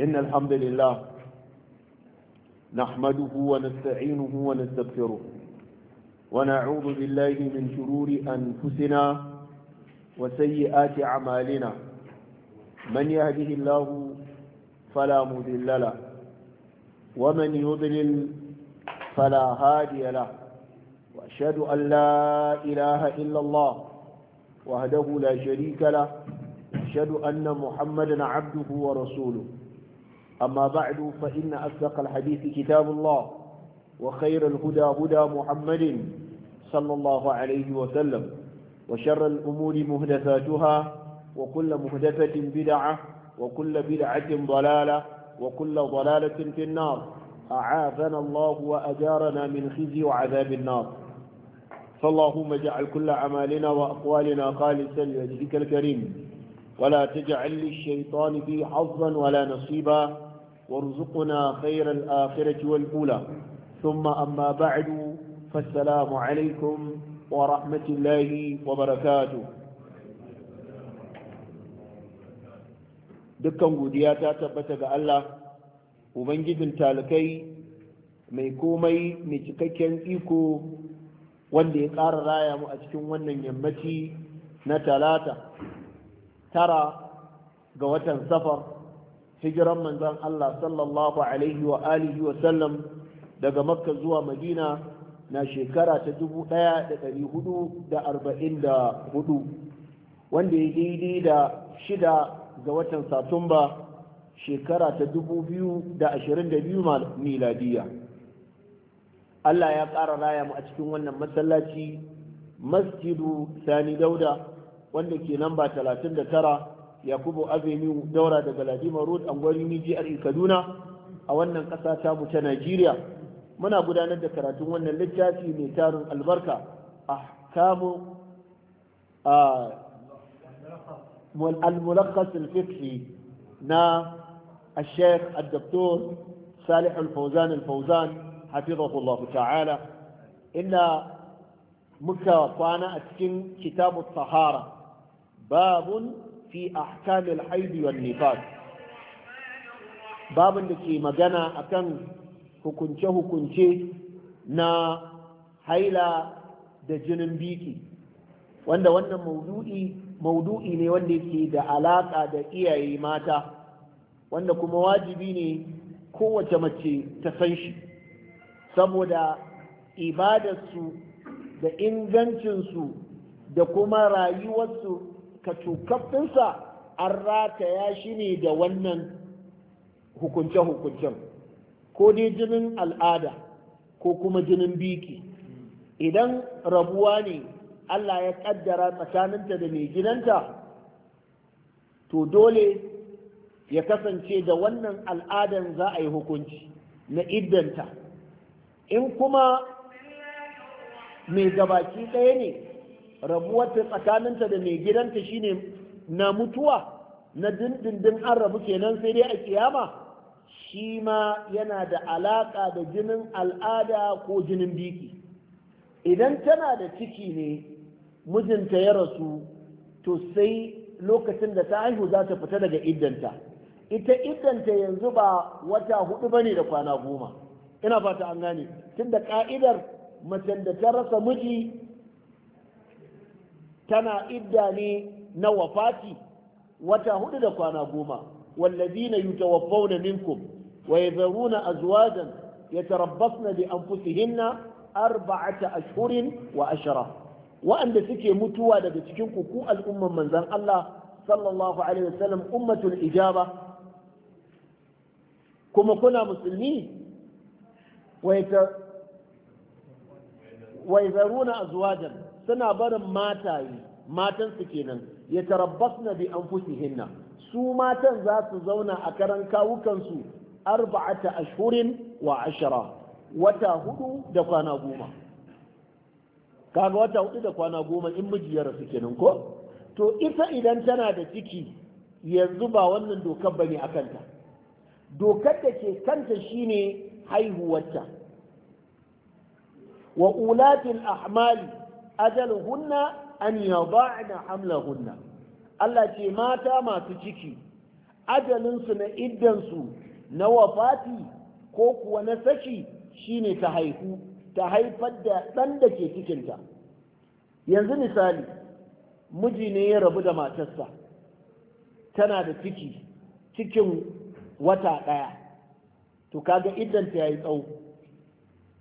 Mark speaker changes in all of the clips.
Speaker 1: إن الحمد لله نحمده ونستعينه ونستغفره ونعوذ بالله من شرور أنفسنا وسيئات أعمالنا من يهده الله فلا مذل له ومن يضلل فلا هادي له وأشهد أن لا إله إلا الله وهده لا شريك له أشهد أن محمدا عبده ورسوله أما بعد فإن أصدق الحديث كتاب الله وخير الهدى هدى محمد صلى الله عليه وسلم وشر الأمور مهدثاتها وكل مهدثة بدعة وكل بدعة ضلالة وكل ضلالة في النار أعاذنا الله وأجارنا من خزي وعذاب النار فاللهم اجعل كل عمالنا وأقوالنا خالصا لوجهك الكريم ولا تجعل للشيطان في حظا ولا نصيبا وارزقنا خير الآخرة والأولى ثم أما بعد فالسلام عليكم ورحمة الله وبركاته dukkan godiya ta tabbata ga Allah ubangijin talakai mai komai mai cikakken iko wanda ya ƙara raya mu a cikin wannan yammaci na talata tara ga watan safar hijiran manzan Allah sallallahu alaihi wa alihi wa sallam daga makka zuwa madina na shekara ta 1444 wanda ya daidai da shida ga watan satumba shekara ta 2022 miladiya Allah ya ƙara raya mu a cikin wannan masallaci masjidu sani dauda wanda ke da 39 yakubu azumi daura daga ladima road an gwari ni jihar e kaduna a wannan kasa ta mu ta nigeria muna gudanar da karatun wannan littafi mai taron albarka a kamun a al na al-sheikh al-doktor salih al-fawzan al-fawzan hafizahullahu ta'ala inda muka kwana a cikin kitabu tahara babun fi ahkamil haidi wan nifas babin da ke magana akan hukunce-hukunce na haila da jinin biki wanda wannan maudu'i maudu'i ne wanda yake da alaka da iyaye mata wanda kuma wajibi ne kowace mace ta san shi saboda ibadarsu da ingancinsu da kuma rayuwarsu katukafinsa an rataya shi ne da wannan hukunce-hukuncen ko dai jinin al'ada ko kuma jinin biki idan rabuwa ne Allah ya kaddara tsakaninta da mai gidanta to dole ya kasance da wannan al'adan za a yi hukunci na iddanta in kuma mai gabaki ɗaya ne rabuwarta tsakaninta da mai gidanta shine na mutuwa na dindindin an rabu kenan sai dai a kiyama shi ma yana da alaƙa da jinin al'ada ko jinin biki idan tana da ciki ne mijinta ya rasu to sai lokacin da ta haihu za ta fita daga iddanta ita iddanta yanzu ba wata hudu bane da kwana goma ina fata an gane tunda ka'idar macen da ta rasa miji tana idda ne na wafati wata hudu da kwana goma wallazina yutawaffawna minkum wa yadharuna azwajan yatarabbasna bi anfusihinna arba'ata ashhurin wa ashara wa'anda suke mutuwa daga cikin ku ku al'umman manzan Allah sallallahu alaihi wasallam ummatul ijaba kuma kuna musulmi wa yadharuna azwajan suna barin matan su kenan ya tarabbasna bi anfusihinna su matan za su zauna a karan kawukansu arba'ata ashhurin wa ashara wata hudu da kwana goma kaga wata hudu da kwana goma in miji ya rasu kenan ko to ita idan tana da ciki yanzu ba wannan dokar bane a kanta dokar da ke kanta shine haihuwarta wa ulatil ahmali hunna an yada'na hunna. Allah ce mata masu ciki ajalinsu na iddansu na wafati ko kuwa na saki shine ta haihu ta haifar da ɗan da ke cikinta yanzu misali miji ne ya rabu da matarsa tana da ciki cikin wata ɗaya to kaga iddanta ya yi tsawo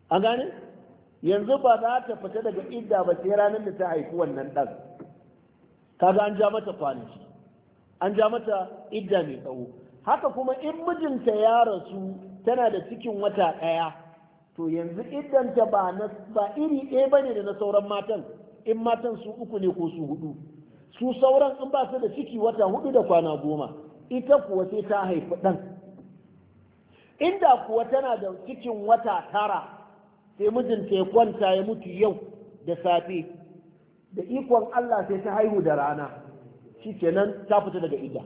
Speaker 1: a gane? yanzu ba za ta fita daga idda ba sai ranar da ta haifi wannan ɗan kaga an ja mata kwanaki an ja mata idda mai tsawo haka kuma in mijinta ya rasu tana da cikin wata ɗaya to yanzu iddanta ba ba iri ɗaya ba ne da na sauran matan in matan su uku ne ko su hudu su sauran in ba su da ciki wata hudu da kwana goma ita kuwa sai ta haifi ɗan inda kuwa tana da cikin wata tara sai mijinta ya kwanta ya mutu yau da safe da ikon Allah sai ta haihu da rana shi kenan ta fita daga ida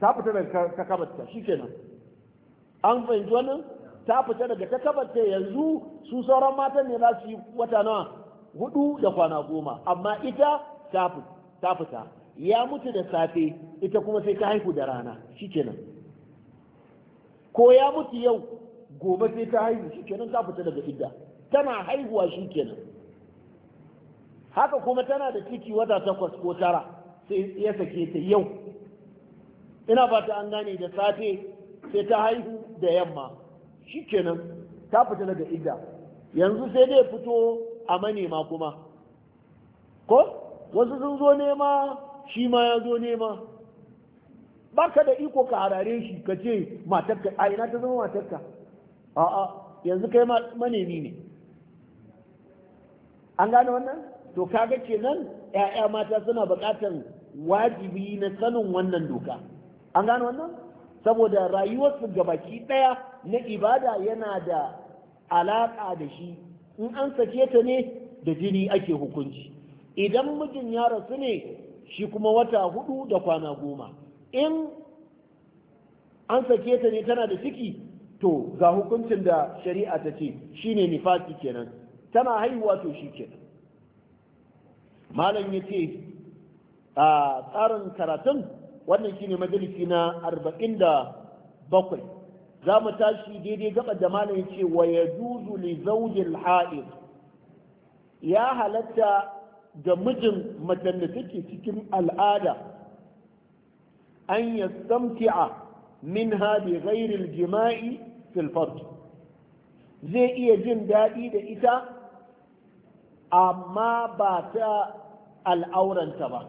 Speaker 1: ta fita daga takabarta shi kenan an fahimci wannan ta fita daga takabarta yanzu su sauran matan ne za su yi wata nawa hudu da kwana goma amma ita ta fita ya mutu da safe ita kuma sai ta haihu da rana shi kenan ko ya mutu yau gobe sai ta haihu shi kenan ta fita daga idda tana haihuwa shi kenan haka kuma tana da ciki wata takwas ko tara sai ya sake ta yau ina ba ta an gane da safe sai ta haihu da yamma shi kenan ta fita daga idda yanzu sai dai fito a manema kuma ko wasu sun zo nema shi ma ya zo nema baka da iko ka harare shi ka ce matarka a ina ta zama matarka a'a yanzu kai manemi ne an gane wannan to kaga kenan 'ya'ya mata suna buƙatar wajibi na sanin wannan doka an gane wannan saboda rayuwarsu gabaki ɗaya na ibada yana da alaƙa da shi in an sake ta ne da jini ake hukunci idan mijin ya rasu ne shi kuma wata hudu da kwana goma in an sake ta ne tana da ciki to ga hukuncin da shari'a ta ce shine nifaki kenan tana haihuwa to shi kenan malam ya ce a tsarin karatun wannan shine majalisi na arba'in da bakwai za mu tashi daidai gaba da malam ya ce wa ya zuzu li zaujil ya halatta ga mijin macen da take cikin al'ada an yastamti'a minha bi ghairil jima'i fil zai iya jin daɗi da ita amma ba ta al'auranta ba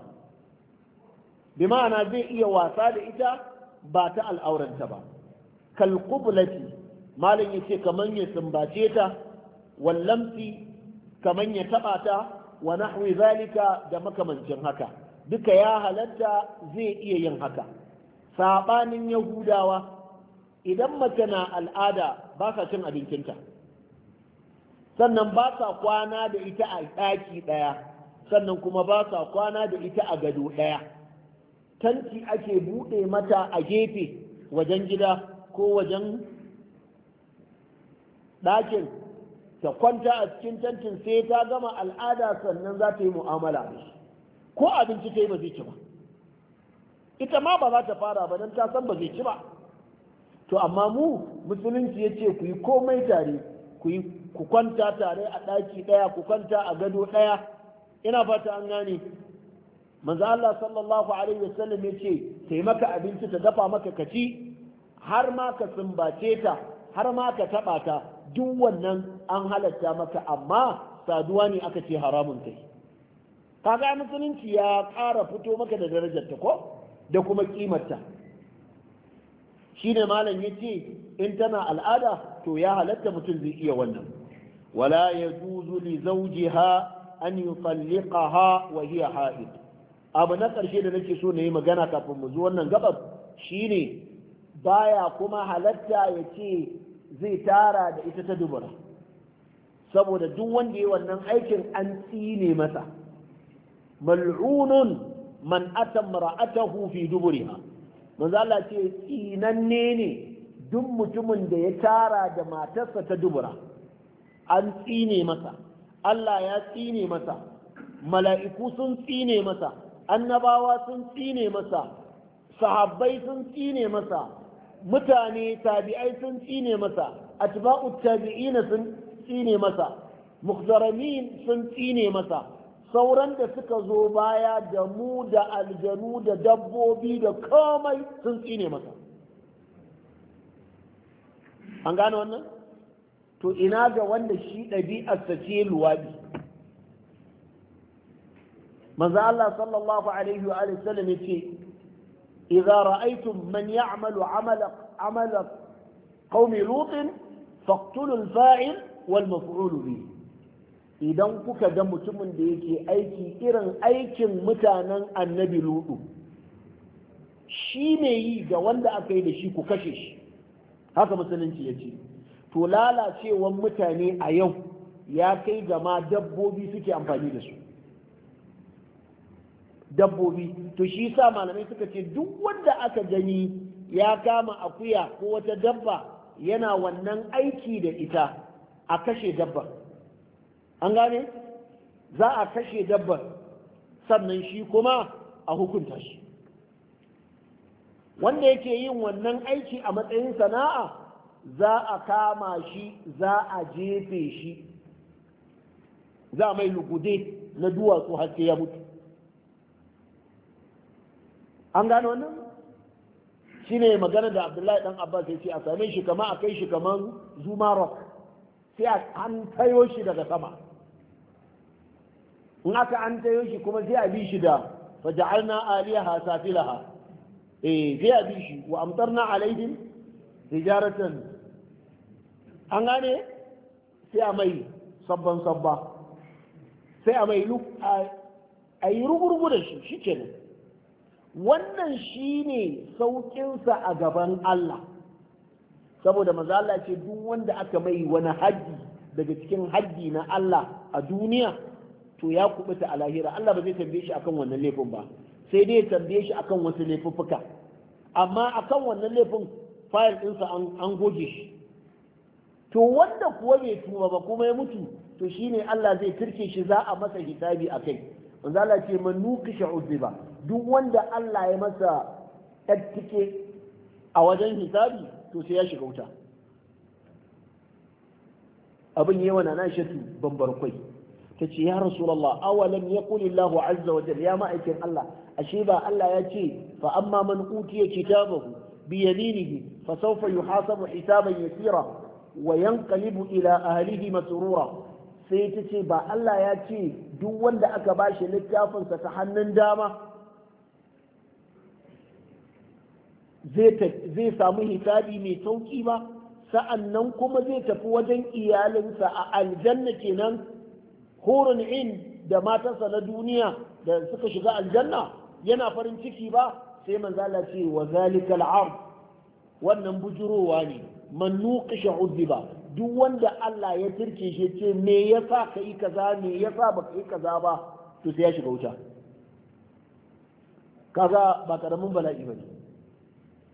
Speaker 1: bi ma'ana zai iya wasa da ita ba ta al'auranta ba kalkubulati malin ya ce kamar ya sumbace ta wallamfi kamar ya taɓa ta wa nahwi zalika da makamancin haka duka ya halatta zai iya yin haka saɓanin yahudawa idan mace na al'ada ba sa cin abincinta sannan ba sa kwana da ita a ɗaki ɗaya sannan kuma ba sa kwana da ita a gado ɗaya tanti ake buɗe mata a gefe wajen gida ko wajen ɗakin ta kwanta a cikin tantin sai ta gama al'ada sannan za ta yi mu'amala da shi ko abinci ta yi ba zai ci ba ita ma ba za ta fara ba don ta san ba zai ci ba to amma mu musulunci ya ce ku yi komai tare ku yi ku kwanta tare a ɗaki ɗaya ku kwanta a gado ɗaya ina fata an gane manzo Allah sallallahu alaihi wasallam ya ce kai maka abinci ta dafa maka kaci har ma ka sumbace ta har ma ka taba ta duk wannan an halatta maka amma saduwa ne aka ce haramun kai kaga musulunci ya ƙara fito maka da darajar ta ko da kuma kimarta ne malam ce, in tana al'ada to ya halatta mutum zai iya wannan wala yajuzu li ha an yutalliqaha wa hiya haid abu na ƙarshe da nake so na yi magana kafin mu zo wannan gabas shine baya kuma halatta ya ce zai tara da ita ta dubura saboda duk wanda ya wannan aikin an tsine masa mal'unun man atamra'atahu fi duburiha manzo Allah ce tsinanne ne duk mutumin da ya tara da matarsa ta dubura an tsine masa Allah ya tsine masa mala'iku sun tsine masa annabawa sun tsine masa sahabbai sun tsine masa mutane tabi'ai sun tsine masa atba'ut tabi'ina sun tsine masa mukhzaramin sun tsine masa sauran da suka zo baya da mu da aljanu da dabbobi da komai sun tsine masa an gane wannan to ina ga wanda shi ɗabi'arsa ce luwaɗi maza Allah sallallahu alaihi wa sallam ya ce إذا رأيتم من يعمل عمل عمل قوم لوط فاقتلوا الفاعل والمفعول به idan kuka ga mutumin da yake aiki irin aikin mutanen annabi ludu shi ne yi ga wanda aka yi da shi ku kashe shi haka musulunci ya ce to lalacewan mutane a yau ya kai gama dabbobi suke amfani da su dabbobi to shi sa malamai suka ce duk wanda aka gani ya kama akuya ko wata dabba yana wannan aiki da ita a kashe dabbar. an gane za a kashe dabbar sannan shi kuma a hukunta shi wanda yake yin wannan aiki a matsayin sana'a za a kama shi za a jefe shi za mai lugude na duwatsu har ya mutu an gane wannan shi ne magana da abdullahi dan abbas ya ce a same shi kama a kai shi kamar zuma rock sai a an tayo shi daga sama in aka an tayo shi kuma sai a bi shi da faja'alna aliyaha safilaha eh sai a bi shi wa amtarna alaihim hijaratan an gane sai a mai sabban sabba sai a mai luk a yi rugurgu da shi shi kenan wannan shi ne sauƙinsa a gaban Allah saboda mazala ce duk wanda aka mai wani haddi daga cikin haddi na Allah a duniya to ya kubuta a lahira Allah ba zai tambaye shi akan wannan laifin ba sai dai ya tambaye shi akan wasu laifuffuka amma akan wannan laifin fayil ɗinsa an goge shi to wanda kuwa bai tuba ba kuma ya mutu to shine Allah zai turke shi za a masa hisabi a kai manzo Allah ce man nuqisha udhiba duk wanda Allah ya masa tattike a wajen hisabi to sai ya shiga wuta abin yawa na na shatu bambar kwai ta ce ya rasulallah awalan ya kulillahu azza wa jalla ya ma'aikin Allah ashe ba Allah ya ce fa amma man utiya kitabahu bi yaminihi fa sawfa yuhasabu hisaban yasira wa yanqalibu ila ahlihi masrura sai ta ce ba Allah ya ce duk wanda aka bashi littafinsa ta hannun dama zai samu hisabi mai sauki ba sa'annan kuma zai tafi wajen iyalinsa a aljanna kenan hurun in da matansa na duniya da suka shiga aljanna yana farin ciki ba sai manzo Allah ce wa zalikal ard wannan bujurowa ne man nuqisha udhiba duk wanda Allah ya turke shi ce me yasa kai kaza me yasa ba kai kaza ba to sai ya shiga wuta Kaga ba karamin bala'i bane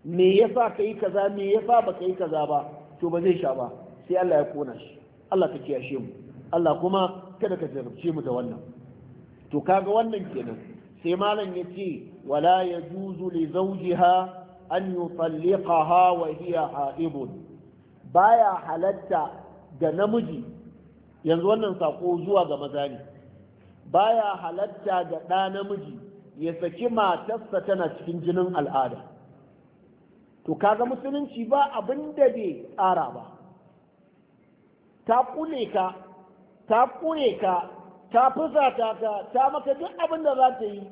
Speaker 1: me yasa kai kaza me yasa ba kai kaza ba to ba zai sha ba sai Allah ya kona shi Allah ta kiyashe mu Allah kuma kada ka jarabce mu da wannan to kaga wannan kenan sai malam ya ce wala yajuzu li zawjiha an yutalliqaha wa hiya haidun baya halatta ga namiji yanzu wannan sako zuwa ga maza ne baya halatta ga ɗa namiji ya saki matarsa tana cikin jinin al'ada to kaga musulunci ba abin da bai tsara ba ta kule ka ta ƙure ka ta fusata ka ta maka duk abin da za ta yi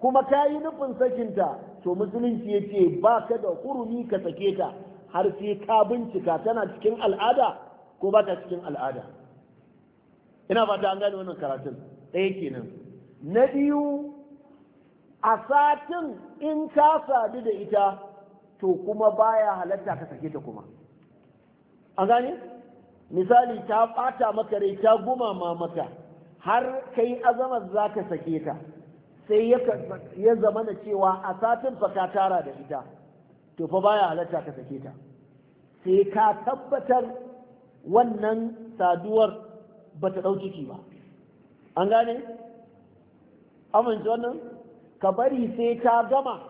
Speaker 1: kuma ta yi nufin sakinta to musulunci ya ce ba ka da hurumi ka sake ta har sai ka bincika tana cikin al'ada ko ba ta cikin al'ada ina fata an gane wannan karatun ɗaya kenan na biyu a satin in ka sadu da ita to kuma baya halatta ka sake ta kuma an gane? misali ta ɓata maka rai ta gumama maka har kai azamar za ka sake ta sai ya zama na cewa a satin fa ka tara da ita to fa baya halatta ka sake ta sai ka tabbatar wannan saduwar ba ta ɗau ciki ba an gane amince wannan ka bari sai ta gama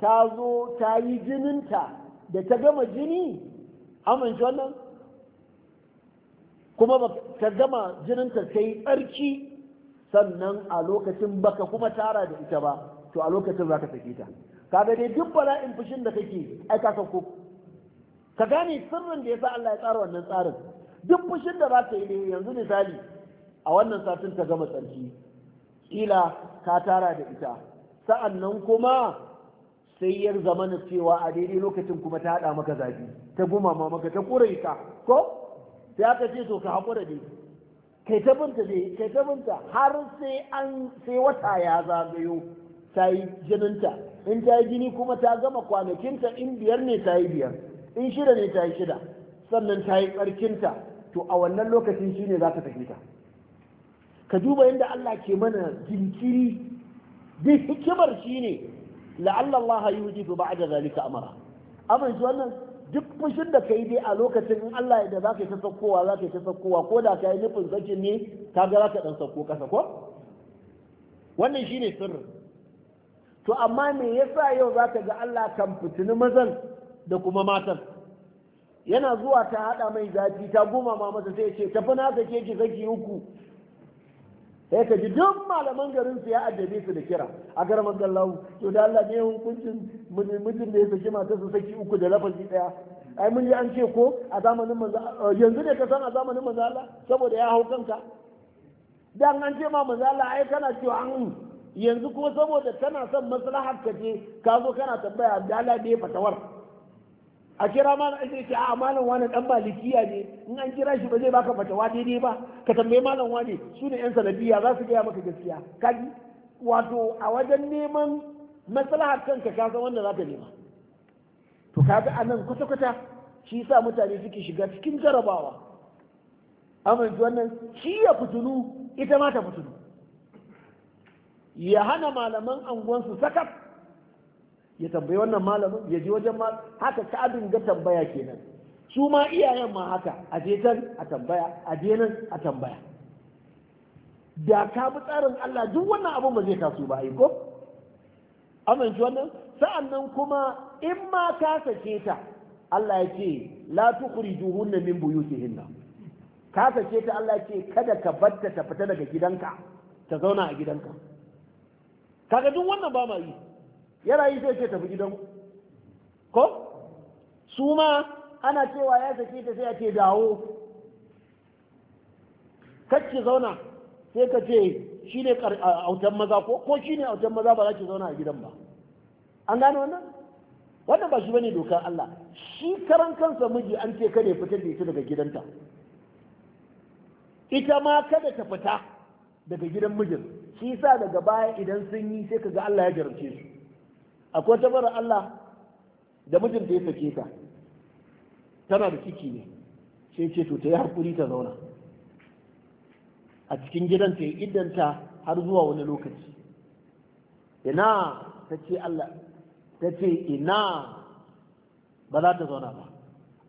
Speaker 1: ta zo ta yi jininta da ta gama jini amince wannan kuma ba ka gama jinin ta yi tsarki sannan a lokacin baka kuma tara da ita ba to a lokacin za ka sake ta kaga dai duk bala'in fushin da kake ai ka sauko ka gane sirrin da yasa Allah ya tsara wannan tsarin duk fushin da za ta yi ne yanzu misali a wannan satin ta gama tsarki kila ka tara da ita sa'annan kuma sai yar zamanin cewa a daidai lokacin kuma ta haɗa maka zafi ta gumama maka ta kure ka ko sai aka ce to ka haƙura dai kai ta binta dai kai ta binta har sai an sai wata ya zagayo ta yi jininta in ta yi jini kuma ta gama kwanakinta in biyar ne ta yi biyar in shida ne ta yi shida sannan ta yi tsarkinta to a wannan lokacin shi ne za ta tafi ta ka duba yadda Allah ke mana jinkiri bi hikimar shi ne la'alla Allah yujibu ba'da zalika amara amince wannan duk fushin da kai dai a lokacin in Allah ya da za ka yi ta saukowa za ka yi ta ko da ka yi nufin sakin ne ka ga za ka ɗan sauko kasa ko wannan shi ne sirri. to amma me yasa yau za ka ga Allah kan fitini mazan da kuma matan yana zuwa ta haɗa mai zafi ta goma ma masa sai ce tafi na ke ki zaki uku sai ka ji duk malaman garin su ya addabe su da kira a garman gallahu to da Allah ne hukuncin mutum da ya saki mata su saki uku da lafazi daya ai mun yi an ce ko a zamanin manzo yanzu ne ka san a zamanin manzo Allah saboda ya hau kanka dan an ce ma manzo Allah ai kana cewa an yanzu ko saboda kana son maslahar ka je ka zo kana tambaya da Allah ne fatawar a kira malam sai ce a malam wani dan likiya ne in an kira shi ba zai baka fatawa daidai ba ka tambayi malam wani su ne yan sanadiyya za su gaya maka gaskiya kaji wato a wajen neman maslahar kanka ka san wanda za ka nema to ka a nan kwata-kwata shi sa mutane suke shiga cikin jarabawa amince wannan shi ya fitunu ita ma ta fitunu ya hana malaman anguwansu sakat ya tambayi wannan malamin ya ji wajen ma haka abin ga tambaya kenan su ma iyayen ma haka a je a tambaya a je nan a tambaya da ka bi tsarin Allah duk wannan abin ba zai kasu ba ai ko amince wannan sa'annan kuma in ma ka sace ta Allah ya ce la tukhrijuhunna min buyutihinna ka sace ta Allah ya ce kada ka batta ta fita daga gidanka ta zauna a gidanka kaga duk wannan ba ma yi yana yi sai ce tafi gidan ko su ma ana cewa ya sake ta sai a ce dawo kacce zauna sai ka ce shi ne autan maza ko shi ne autan maza ba za ki zauna a gidan ba an gane wannan wannan ba shi bane dokar Allah shi karan kansa miji an ce kada ya fita da ita daga gidanta ita ma kada ta fita daga gidan mijin shi sa daga baya idan sun yi sai kaga Allah ya jarumce su akwai ta bara Allah da mijinta ya sake ta tana da ciki ne sai ce to ta yi hakuri ta zauna a cikin gidan ta yi iddanta har zuwa wani lokaci ina ta ce Allah ta ce ina ba za ta zauna ba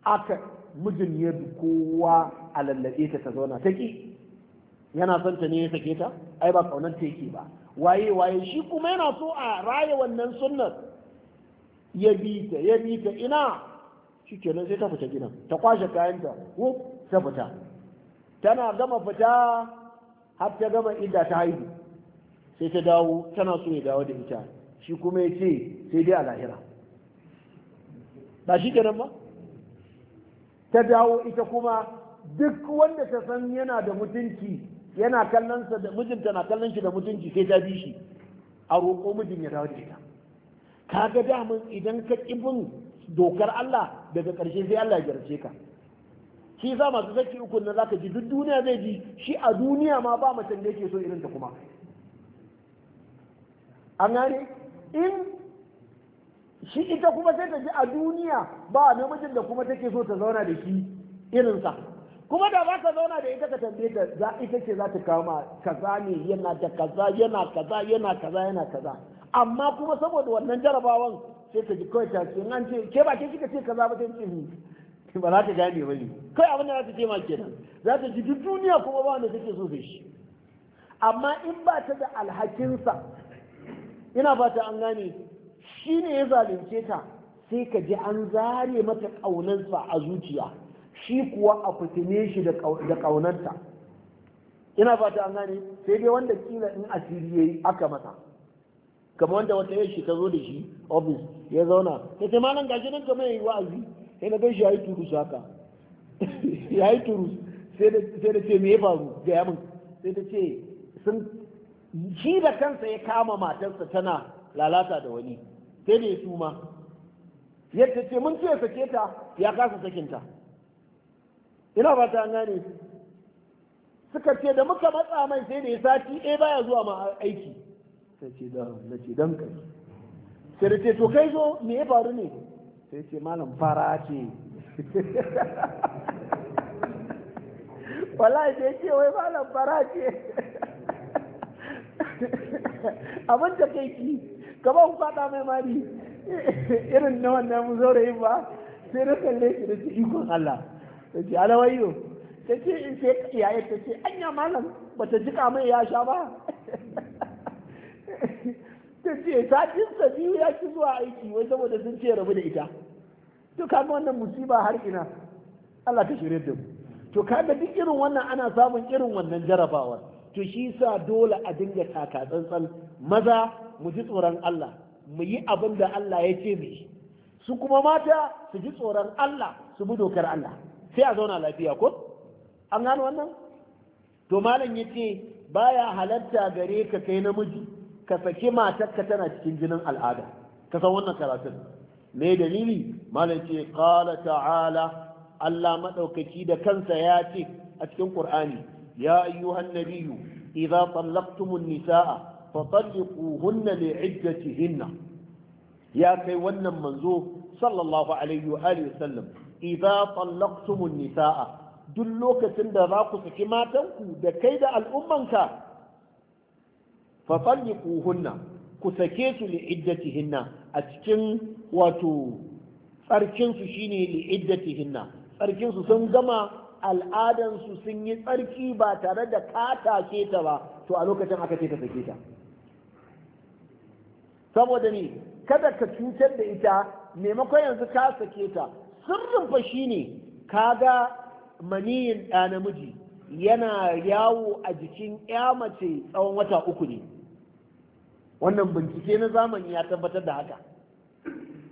Speaker 1: aka mijin ya bi kowa a lallabe ta ta zauna ta ki yana son ta ne ya sake ta ai ba kaunar ta yake ba waye waye shi kuma yana so a raye wannan sunnar ya bi ta ya bi ta ina shi kenan sai ta fita gidan ta kwashe kayanta ko ta fita tana gama fita har ta gama idda ta haihu sai ta dawo tana so ya dawo da ita shi kuma ya ce sai dai a lahira ba shi kenan ba ta dawo ita kuma duk wanda ta san yana da mutunci yana kallon sa da mijinta na kallon shi da mutunci sai ta bi shi a roƙo mijin ya dawo da ita kaga mun idan ka kibin dokar Allah daga ƙarshe sai Allah ya jarce ka shi za masu zaki uku nan zaka ji duk duniya zai ji shi a duniya ma ba macen da yake so irin ta kuma an gane in shi ita kuma sai ta ji a duniya ba namijin da kuma take so ta zauna da shi irinsa kuma da ba ka zauna da ita ka tambaye ta za ita ce za ta kawo ma kaza ne yana da kaza yana kaza yana kaza yana kaza amma kuma saboda wannan jarabawan sai ka ji kawai ta ce an ce ke ba ke kika ce kaza ba ta ce hmm. ba za ta gane ba ne kai abin da za ta ce ma kenan za ta ji duniya kuma ba wanda kake so da shi amma in ba ta da alhakinsa ina ba ta an gane shi ne ya zalunce ta sai ka ji an zare mata ƙaunarsa a zuciya shi kuwa a fitine shi da ƙaunarta ina fata an gane sai dai wanda kila in asiri yayi aka masa kamar wanda wata ya shi ta zo da shi ofis ya zauna ta ce malam gashi nan kamar yayi wa'azi sai na gan shi yayi turu haka yayi turu, sai da ce me ya faru ga yamin sai ta ce sun shi da kansa ya kama matarsa tana lalata da wani sai da ya suma yadda ce mun ce sake ta ya kasa sakinta ina ba ta gane suka ce da muka matsa mai sai da ya sati ɗaya baya zuwa ma aiki sai ce da na ce dan kai sai da ce to kai zo me ya faru ne sai ce malam fara ce wallahi sai ce wai malam fara ce abin da kai ki gaba ku fada mai mari irin na wannan mu zo ba sai na kalle shi da ikon Allah ta ce alawayo ta ce in sai iyayen ta ce anya malam bata jika mai ya sha ba ta ce ta sa biyu ya ki zuwa aiki wai saboda sun ce rabu da ita to kaga wannan musiba har ina Allah ta shirye da mu to kaga duk irin wannan ana samun irin wannan jarabawar to shi sa dole a dinga taka tsantsan maza mu ji tsoron Allah mu yi abin da Allah ya ce mu su kuma mata su ji tsoron Allah su bi dokar Allah sai a zauna lafiya ko an gano wannan to malam ya ce baya halarta gare ka kai namiji ka saki matarka tana cikin jinin al'ada ka san wannan karatun me dalili malam ce qala ta'ala Allah madaukaki da kansa ya ce a cikin Qur'ani ya ayyuhan nabiyyu idza tallaqtumun nisaa fatalliquhunna li'iddatihinna ya kai wannan manzo sallallahu alaihi wa alihi idza tallaqtumun nisaa duk lokacin da za ku saki matanku da kai da al'ummanka fa talliquhunna ku sake su li iddatihinna a cikin wato tsarkin su shine li iddatihinna tsarkin su sun gama al'adan su sun yi tsarki ba tare da kata ce ta ba to a lokacin aka ce ka sake ta saboda ne kada ka cutar da ita maimakon yanzu ka sake ta sirrin fa shine kaga maniyin ɗa namiji yana yawo a jikin ya mace tsawon wata uku ne wannan bincike na zamani ya tabbatar da haka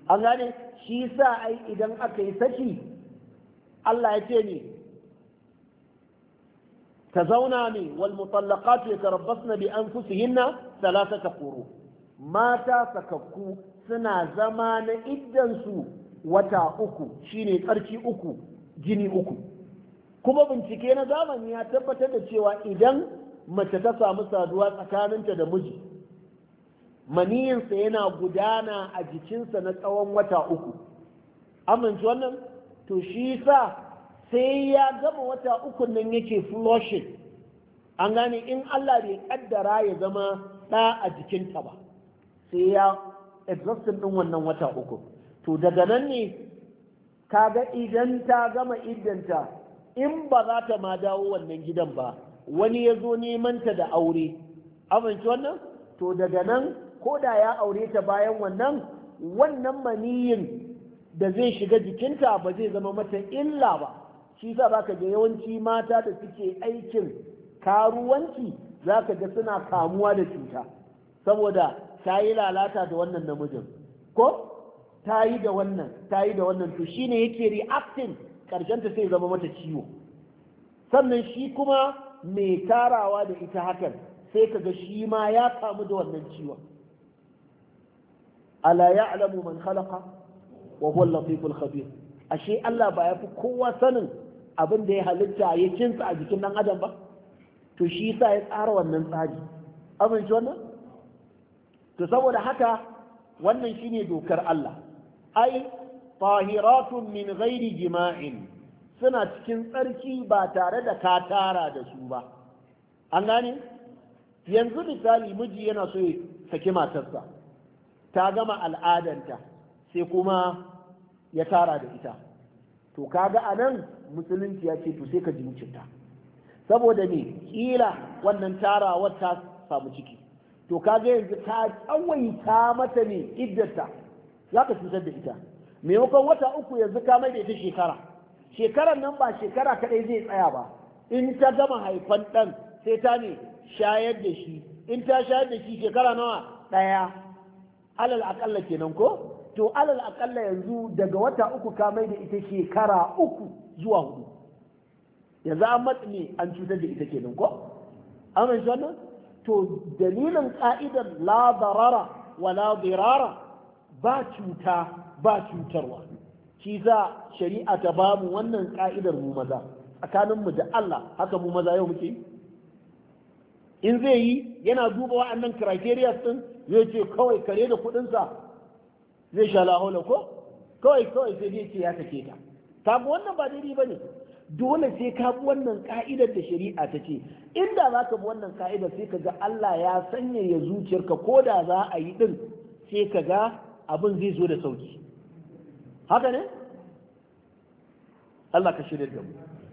Speaker 1: an gane shi sa ai idan aka yi saki Allah ya ce ne ta zauna ne wal mutallaqatu yatarabbasna bi anfusihinna thalathata quru mata sakakku suna zama na su. wata uku shine tsarki uku jini uku kuma bincike na zamani ya tabbatar da cewa idan mace ta samu saduwa tsakaninta da miji maniyinsa yana gudana a jikinsa na tsawon wata uku amince wannan to shi sa sai ya gama wata uku nan yake flushing an gane in Allah bai kaddara ya zama ɗa a jikinta ba sai ya exhausting ɗin wannan wata uku to daga nan ne kaga idan ta gama iddanta in ba za ta ma dawo wannan gidan ba wani ya zo nemanta da aure amince wannan to daga nan ko da ya aure ta bayan wannan wannan maniyin da zai shiga jikinta ba zai zama mata illa ba shi sa za ka ga yawanci mata da suke aikin karuwanci za ka ga suna kamuwa da cuta saboda ta yi lalata da wannan namijin ko ta yi da wannan ta yi da wannan to shine yake reacting karshenta sai zama mata ciwo sannan shi kuma mai tarawa da ita hakan sai kaga shi ma ya kamu da wannan ciwon ala ya'lamu man khalaqa wa huwa al-latiful khabir ashe Allah ba ya fi kowa sanin abin da ya halitta ya kinsa a jikin dan adam ba to shi yasa ya tsara wannan tsari Amince wannan to saboda haka wannan shine dokar Allah ai tahiratun min ghairi jima'in suna cikin tsarki ba tare da ka tara da su ba an gane yanzu misali miji yana so ya saki matarsa ta gama al'adanta sai kuma ya tara da ita to kaga a nan musulunci ya ce to sai ka ji mucinta saboda me kila wannan tarawar ta samu ciki to kaga yanzu ta tsawaita mata ne iddata za ka cutar da ita maimakon wata uku yanzu ka mai da ita shekara shekarar nan ba shekara kaɗai zai tsaya ba in ta gama haifan ɗan sai ta ne shayar da shi in ta shayar da shi shekara nawa ɗaya alal akalla kenan ko to alal akalla yanzu daga wata uku ka mai da ita shekara uku zuwa hudu yanzu an matsi ne an cutar da ita kenan ko an wannan to dalilin ka'idar la darara wa la dirara ba cuta ba cutarwa shi za shari'a ta ba mu wannan ka'idar mu maza Tsakaninmu da Allah haka mu maza yau muke in zai yi yana duba wa'annan criteria din zai ce kawai kare da kudinsa zai sha lahola ko kawai kawai sai zai ce ya take ta ta wannan ba daidai ba ne. dole sai ka bi wannan ka'idar da shari'a ta ce inda za ka bi wannan ka'idar sai ka ga Allah ya sanya ya zuciyarka ko da za a yi din sai ka ga abin zai zo da sauki haka ne Allah ka shirya da mu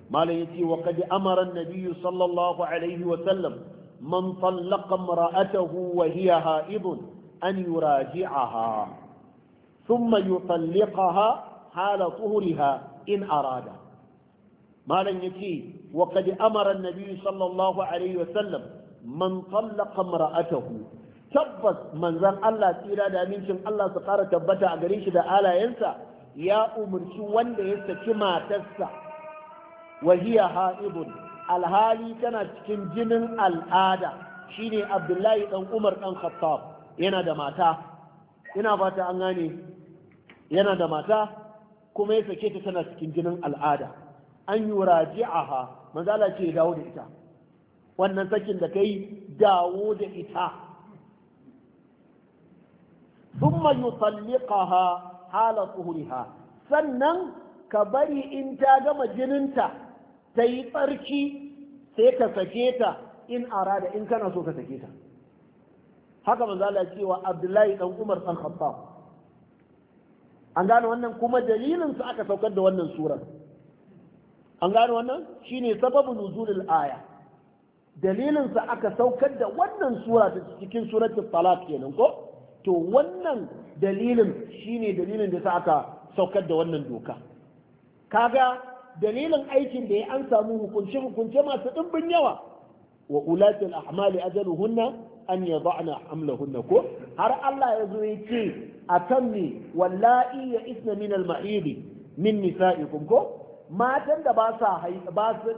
Speaker 1: malam yace wa qad amara an-nabiy sallallahu alaihi wa sallam man talaqa imra'atahu wa hiya ha'idun an yuraji'aha thumma yutalliqaha hala tuhriha in arada malam yace wa qad amara an-nabiy sallallahu alaihi wa sallam man talaqa imra'atahu tabbas manzan Allah tsira da amincin Allah su ƙara tabbata a gare shi da alayensa ya umarci wanda ya saki matarsa hiya ha'ibun alhali tana cikin jinin al'ada shine abdullahi dan umar dan khattab yana da mata ina fata an gane yana da mata kuma ya sake ta tana cikin jinin al'ada an yuraji'aha manzala ce dawo da ita wannan sakin da kai dawo da ita thumma yutalliqaha hala tuhuriha sannan ka bari in ta gama jininta ta yi tsarki sai ka sake ta in arada in kana so ka sake ta haka manzo Allah cewa Abdullahi dan Umar dan Khattab an gane wannan kuma dalilin su aka saukar da wannan surar an gane wannan shine sababin nuzulul aya dalilin sa aka saukar da wannan sura ta cikin suratul talaq kenan ko to wannan dalilin shine dalilin da sa aka saukar da wannan doka kaga dalilin aikin da ya an samu hukunci hukunce masu ɗimbin yawa wa ulatul ahmali ajaluhunna an yada'na hamlahunna ko har Allah ya zo a kan ne wallahi ya isna min al min nisa'ikum ko matan da ba sa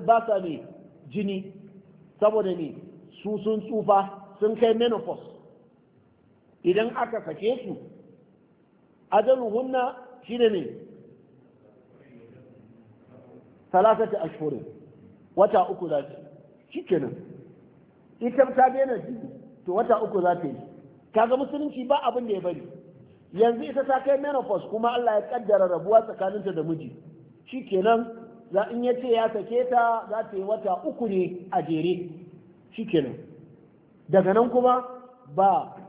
Speaker 1: ba sa ne jini saboda ne su sun tsufa sun kai menopause idan aka sake su ajaluhunna shine ne salasata ashhurin wata uku za ta shikenan ita ta daina jini to wata uku za ta yi kaga musulunci ba abin da ya bari yanzu ita ta kai menopause kuma Allah ya kaddara rabuwa tsakaninta da miji shikenan za in ya ce ya sake ta za ta yi wata uku ne a jere shikenan daga nan kuma ba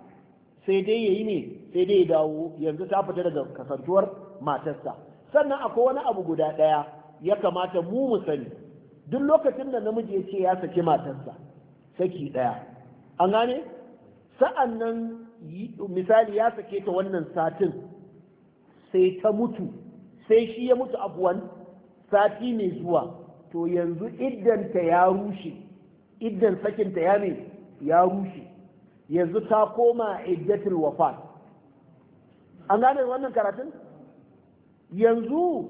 Speaker 1: sai dai ya yi ne sai dai ya dawo yanzu ta fita daga kasantuwar matarsa sannan akwai wani abu guda ɗaya ya kamata mu mu sani duk lokacin da namiji ya ce ya saki matarsa saki ɗaya an gane sa'an nan misali ya sake ta wannan satin sai ta mutu sai shi ya mutu abuwan sati mai zuwa to yanzu iddanta ya rushe iddan sakinta ya ne ya rushe yanzu ta koma iddatul wafat an gane wannan karatun yanzu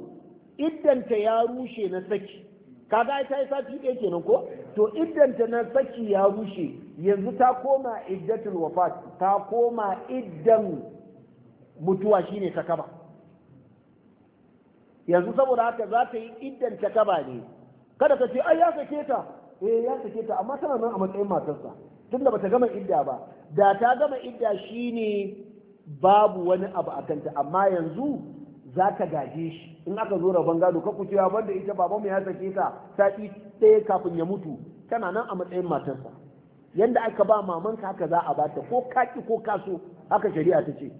Speaker 1: iddanta ya rushe na saki kaga ta yi sati ɗaya kenan ko to iddanta na saki ya rushe yanzu ta koma iddatul wafat ta koma iddan mutuwa shine ta kaba yanzu saboda haka za ta yi iddan ta kaba ne kada ka ce ai ya sake ta eh ya sake ta amma tana nan a matsayin matarsa tun da bata gama idda ba da ta gama idda shine babu wani abu a kanta amma yanzu za ta gaje shi in aka zo rabon gado ka ya banda ita baban mu ya sake ta sati ɗaya kafin ya mutu tana nan a matsayin matarsa yanda aka ba mamanka haka za a bata ko kaki ko kaso haka shari'a ta ce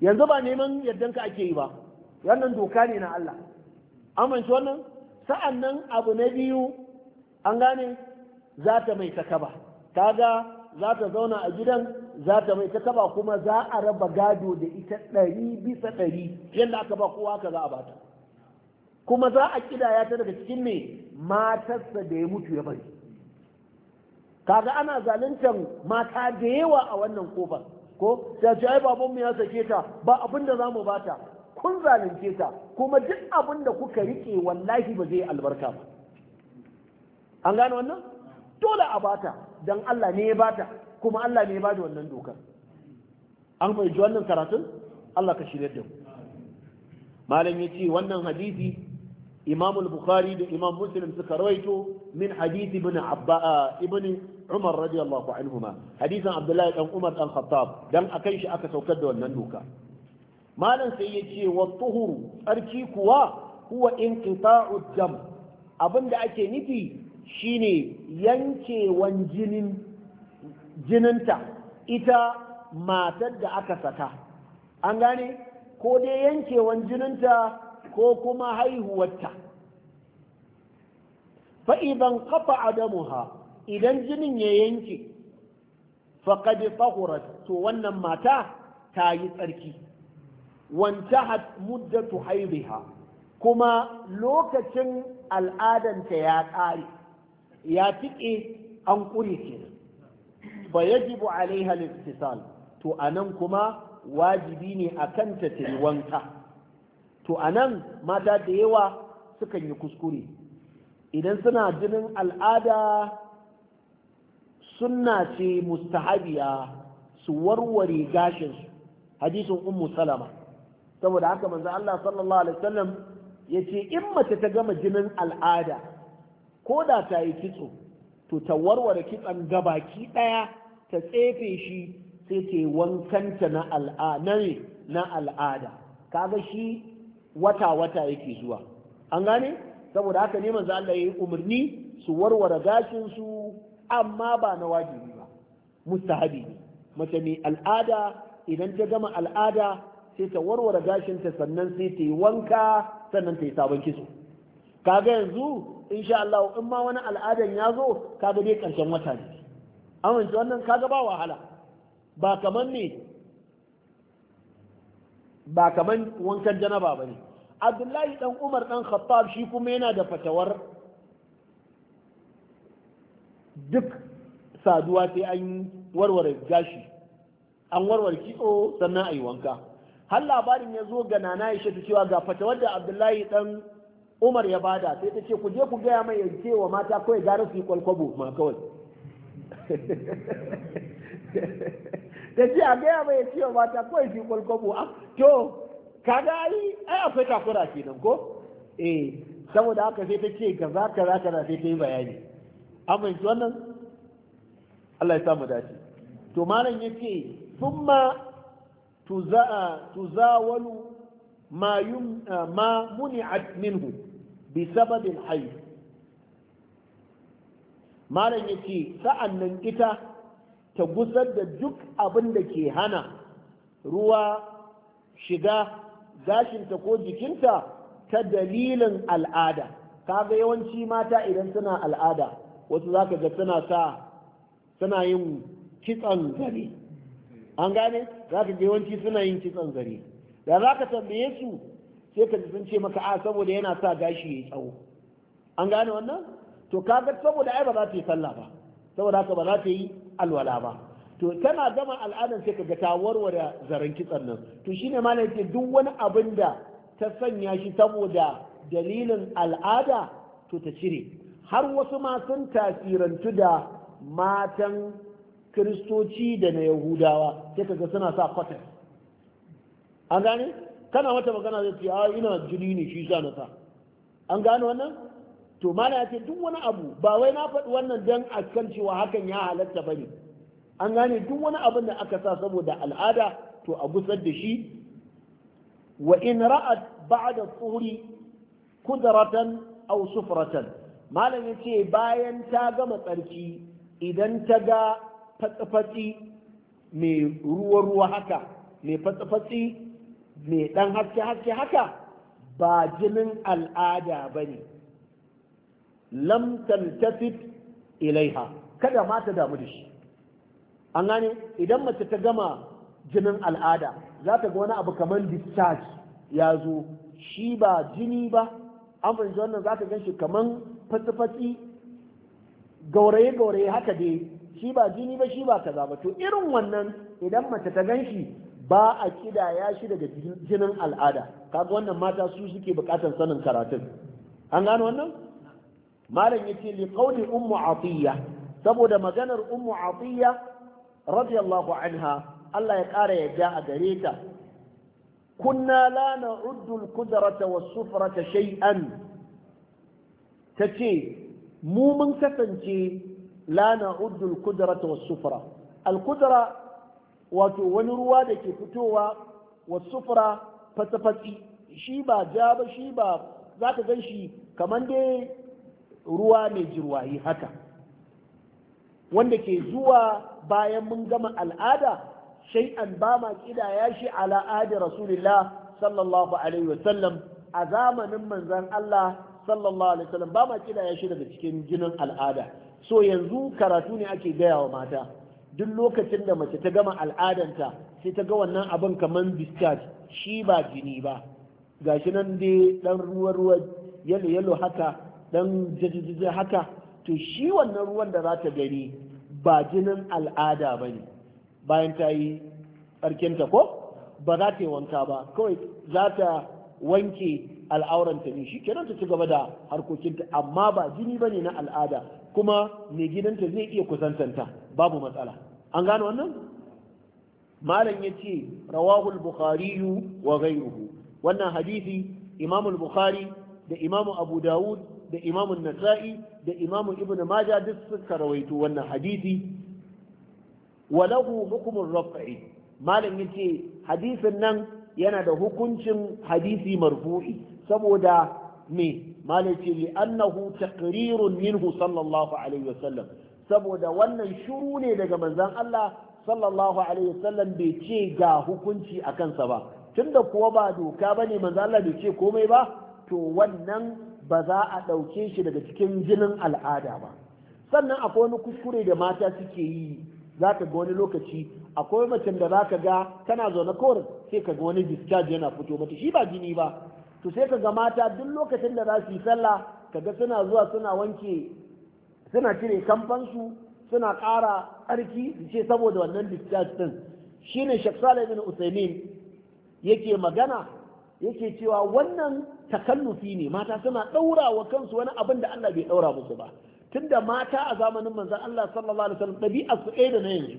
Speaker 1: yanzu ba neman ka ake yi ba wannan doka ne na Allah amince wannan sa'an nan abu na biyu an gane za ta mai takaba kaga za ta zauna a gidan za ta mai ta kaba kuma za a raba gado da ita ɗari bisa ɗari yadda aka ba kowa ka za a bata kuma za a kidaya ta daga cikin mai matarsa da ya mutu ya bari kaga ana zaluntar mata da yawa a wannan kofar ko ta ce ai babanmu ya sake ta ba abin da za mu bata kun zalunce ta kuma duk abin da kuka rike wallahi ba zai albarka ba an gane wannan dole a bata don Allah ne ya bata kuma Allah ne ya bada wannan dokar an fahimci wannan karatun Allah ka shirya da mu malam ya ce wannan hadisi imam bukhari da imam muslim suka rawaito min hadisi ibn abba ah, ibn umar radiyallahu anhuma hadisin abdullahi dan umar dan khattab dan akan shi aka saukar da wannan doka malam sai ya ce wa tuhuru tsarki kuwa huwa inqita'u dam abinda ake nufi shine yankewan jinin jininta ita matar da aka saka an gane ko dai yankewan jininta ko kuma haihuwarta fa'idan kafa adamuha idan jinin ya yanke faƙadi tsahurat to wannan mata ta yi tsarki had muddatu haibiha kuma lokacin al'adanta ya ƙare ya tike an ƙure kenan fa yajibu alaiha al to a nan kuma wajibi ne a kanta ta wanka to a nan mata da yawa sukan yi kuskure idan suna jinin al'ada sunna ce mustahabiya su warware gashinsu hadisin ummu salama saboda haka manzo Allah sallallahu alaihi wasallam yace in mace ta gama jinin al'ada ko da ta yi kitso to ta warware kitson gabaki ɗaya ta tsefe shi sai ta yi wankanta na al'ada na al'ada kaga shi wata-wata yake zuwa an gane saboda haka ne manzo Allah yayi umurni umarni su warware gashin su amma ba na wajibi ba mustahabi ne mace mai al'ada idan ta gama al'ada sai ta warware gashinta sannan sai ta yi wanka sannan ta yi sabon kitso kaga yanzu sha Allah in ma wani al'adan ya zo kaga dai karshen wata ne amince wannan kaga ba wahala ba kaman ne ba kaman wankan janaba bane Abdullahi dan Umar dan Khattab shi kuma yana da fatawar duk saduwa sai an warware gashi an warware kitso sannan a yi wanka har labarin ya zo ga nana ya shafi cewa ga fatawar da abdullahi dan umar ya bada sai ta ce ku je ku gaya mai yanke wa mata kawai gara su yi kwalkwabo ma kawai ta ce a gaya mai yanke wa mata kawai su yi kwalkwabo a ah, to kaga ai ai akwai takura kenan ko eh saboda haka sai ta ce za ka na sai ta yi bayani amma wannan Allah ya samu dace to malam yace thumma tuza tuzawalu ma yum ma muni'at minhu bi sababin hayu malam ya ce sa'annan ita ta gusar da duk abin da ke hana ruwa shiga gashinta ko jikinta ta dalilin al'ada kaga yawanci mata idan suna al'ada wasu za ka ga suna sa suna yin kitson zare an gane za ka ga yawanci suna yin kitson zare da za ka tambaye su sai ka sun ce maka a saboda yana sa gashi yayi tsawo an gane wannan to kaga saboda ai ba za ta yi sallah ba saboda haka ba za ta yi alwala ba to tana gama al'adar sai kaga ta warware zaren kitsan nan to shine malam yake duk wani abin da ta sanya shi saboda dalilin al'ada to ta cire har wasu ma sun tasirantu da matan kiristoci da na yahudawa sai kaga suna sa kwatas an gane kana mata magana zai ce a ina jini ne shi sa na sa an gano wannan to mana ya ce duk wani abu ba wai na faɗi wannan dan a kan cewa hakan ya halatta bane an gane duk wani abin da aka sa saboda al'ada to a gusar da shi wa in ra'at ba'da tsuri kudratan aw sufratan malam yace bayan ta gama tsarki idan ta ga fatsi mai ruwa-ruwa haka mai fatsi mai ɗan haske haske haka ba jinin al'ada ba ne lam tantafit ilaiha kada ma ta damu da shi an gane idan mace ta gama jinin al'ada za ta ga wani abu kamar discharge ya zo shi ba jini ba an fahimci wannan za ta gan shi kamar fatsi-fatsi gauraye-gauraye haka dai shi ba jini ba shi ba kaza ba to irin wannan idan mace ta gan shi ba a kidaya shi daga jinin al'ada kaga wannan mata su suke bukatar sanin karatun an gano wannan malam yace li qawli ummu atiya saboda maganar ummu atiya radiyallahu anha Allah ya kara ja a gare ta kunna la na'uddu al-qudrata was-sufrata shay'an tace mu mun kasance la na'uddu al-qudrata was-sufra al-qudra wato wani ruwa da ke fitowa wa sufura fatsi shi ba ja ba shi ba za ka gan shi kamar dai ruwa mai jirwayi haka wanda ke zuwa bayan mun gama al'ada shay'an ba ma kidaya shi ala adi rasulillah sallallahu alaihi wasallam a zamanin manzan Allah sallallahu alaihi wasallam ba ma ƙidaya shi daga cikin jinin al'ada so yanzu karatu ne ake gaya wa mata duk lokacin da mace ta gama al'adanta sai ta ga wannan abin kamar discharge shi ba jini ba gashi nan dai dan ruwa ruwa yalo yalo haka dan jajijiji haka to shi wannan ruwan da za ta gani ba jinin al'ada ba ne bayan ta yi tsarkinta ko ba za ta yi wanka ba kawai za ta wanke al'auranta ne shi kenan ta ci gaba da harkokinta amma ba jini ba ne na al'ada kuma mai gidanta zai iya kusantanta babu matsala an gano wannan malam ya ce rawahul bukhariyu wa gairu. wannan hadisi imamul bukhari da imamu abu dawud da imamu nasa'i da imamu Ibn maja duk suka rawaito wannan hadisi walahu hukumur raf'i malam ya ce hadisin nan yana da hukuncin hadisi marfu'i saboda me malaci li annahu taqrirun minhu sallallahu alaihi wasallam saboda wannan shuru ne daga manzon Allah sallallahu alaihi wasallam bai ce ga hukunci a kansa ba tunda kuwa ba doka bane manzon Allah bai ce komai ba to wannan ba za a ɗauke shi daga cikin jinin al'ada ba sannan akwai wani kuskure da mata suke yi za ka ga wani lokaci akwai macen da za ka ga tana zaune kawai sai ka ga wani discharge yana fito mata shi ba jini ba to sai kaga mata duk lokacin da za su yi sallah kaga suna zuwa suna wanke suna cire kamfansu suna ƙara tsarki su ce saboda wannan discharge din shine Sheikh Saleh bin Usaimin yake magana yake cewa wannan takallufi ne mata suna ɗaura wa kansu wani abin da Allah bai ɗaura musu ba tunda mata a zamanin manzon Allah sallallahu alaihi wasallam ɗabi'a su ɗaya da na yanzu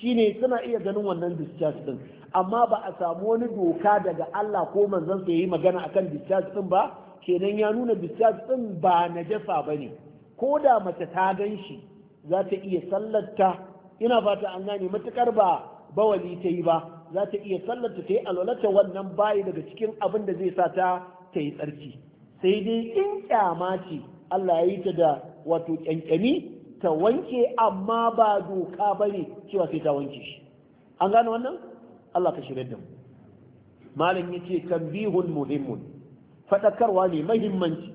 Speaker 1: shine suna iya ganin wannan discharge din amma ba a samu wani doka daga Allah ko manzon ya yi magana akan discharge din ba kenan ya nuna discharge din ba na najasa bane ko da mace ta gan shi za ta iya sallarta ina fata an gane matukar ba bawali ta yi ba za ta iya sallarta ta yi alwalata wannan bayi daga cikin abin da zai sa ta ta yi tsarki sai dai in kyama ce Allah ya yi ta da wato kyankyami ta wanke amma ba doka bane cewa sai ta wanke shi an gane wannan Allah ka shirya da mu malam yace tanbihun muhimmun fadakarwa ne mahimmanci